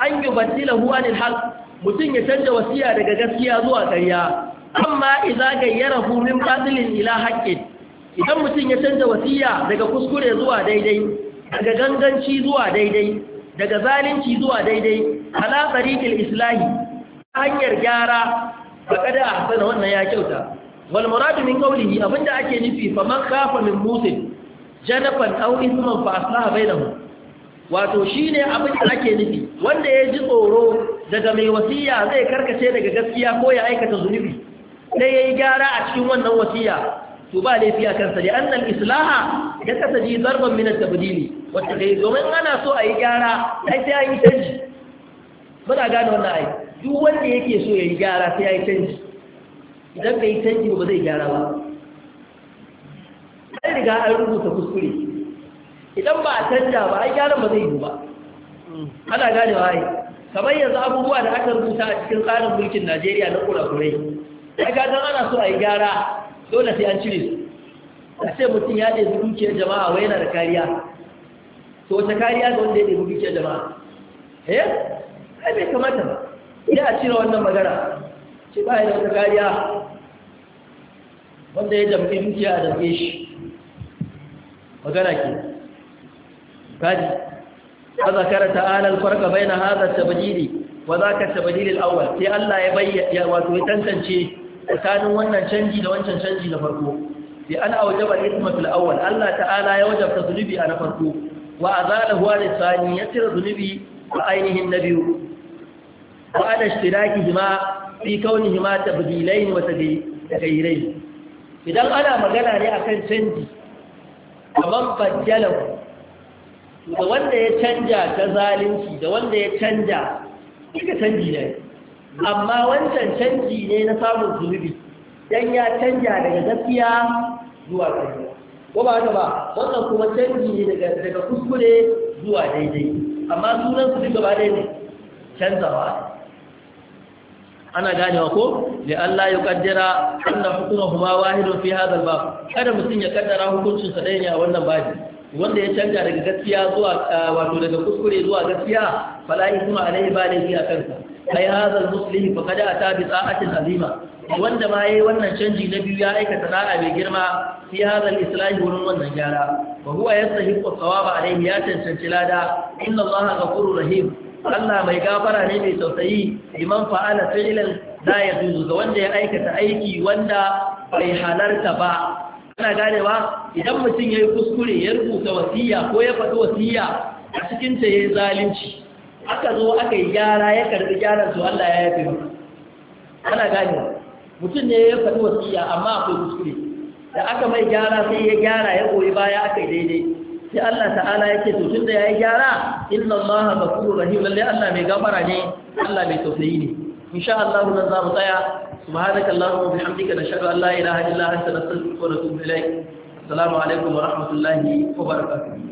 S2: an yubaddilahu anil haqq Mutum ya canja wasiya daga gaskiya zuwa ƙarya amma idza gayyarahu min batilin ila haqqin idan mutum ya canza wasiya daga kuskure zuwa daidai daga ganganci zuwa daidai daga zalunci zuwa daidai ala tariqil islahi hanyar gyara faqad ahsana wannan ya kyauta wal muradu min qawlihi abinda ake nufi fa man khafa min musin janafan aw isman fa aslaha bainahum wato shine da ake nufi wanda ya ji tsoro daga mai wasiya zai karkace daga gaskiya ko ya aikata zunubi sai yayi gyara a cikin wannan wasiya to ba laifi a kansa da Annan islaha da kasa ji zarban min at-tabdili wata kai domin ana so a yi gyara sai sai yi canji muna gane wannan ai duk wanda yake so ya yi gyara sai ya yi canji idan bai yi canji ba zai gyara ba sai riga an rubuta kuskure idan ba a canja ba ai gyaran ba zai yi ba ana gane wa ai kamar yanzu abubuwa da aka rubuta a cikin tsarin mulkin Najeriya na kurakurai ai ga ana so a yi gyara dole sai an cire su a ce mutum ya ɗaya dukiyar jama'a wai yana da kariya to wata kariya da wanda ya ɗaya dukiyar jama'a eh kai bai kamata ba idan a cire wannan magana ce ba ya da wata kariya wanda ya damke dukiya a damke shi magana ke kaji wa zakara ta'ala al bai na hadha at-tabdili wa dhaka at-tabdil sai Allah ya bayyana wato ya tantance tsakanin wannan canji da wancan canji na farko bi an aujaba isma fil awwal Allah ta'ala ya wajabta zunubi a na farko wa azalahu al thani ya tira zunubi wa ainihin nabiyu wa ala ishtirakihima fi kaunihima tabdilain wa taghayyirain idan ana magana ne akan canji kaman bajjalahu da wanda ya canja ta zalunci da wanda ya canja duka canji ne amma wancan canji ne na samun zunubi dan ya canja daga gaskiya zuwa daidai ko ba haka ba wannan kuma canji ne daga daga kuskure zuwa daidai amma sunan su duka ba dai ne canzawa ana ganewa ko da Allah ya kaddara anna huma wahidun fi hadal bab kada mutun ya kaddara hukuncin sa dai ne a wannan babi wanda ya canja daga gaskiya zuwa eh, wato daga kuskure zuwa gaskiya fala yusma alaihi ba laifi a kansa ai hadha al fa kada ta bi sa'atin azima wanda ma yayi wannan canji na biyu ya aikata sana'a mai girma fi hadha al-islam wurin wannan gyara wa huwa yastahiqu thawaba alayhi ya cancanci lada inna allaha ghafurur rahim Allah mai gafara ne mai tausayi liman fa'ala fi'lan ya yajuzu ga wanda ya aikata aiki wanda bai halarta ba kana ganewa idan mutum yayi kuskure ya rubuta wasiya ko ya faɗi wasiya a cikin ta yayi zalunci aka zo aka yi gyara ya karbi gyaran su Allah ya yafe masa ana gane mutum ne ya faɗi wasiya amma akwai kuskure da aka mai gyara sai ya gyara ya goyi baya aka yi daidai sai Allah ta'ala ya ce to tun da ya yi gyara inna Allah ghafurur rahim lalle Allah mai gafara ne Allah mai tausayi ne insha Allah nan za mu tsaya subhanaka allahumma wa bihamdika nashhadu an la ilaha illa anta nastaghfiruka wa natubu ilayk assalamu alaikum wa rahmatullahi wa barakatuh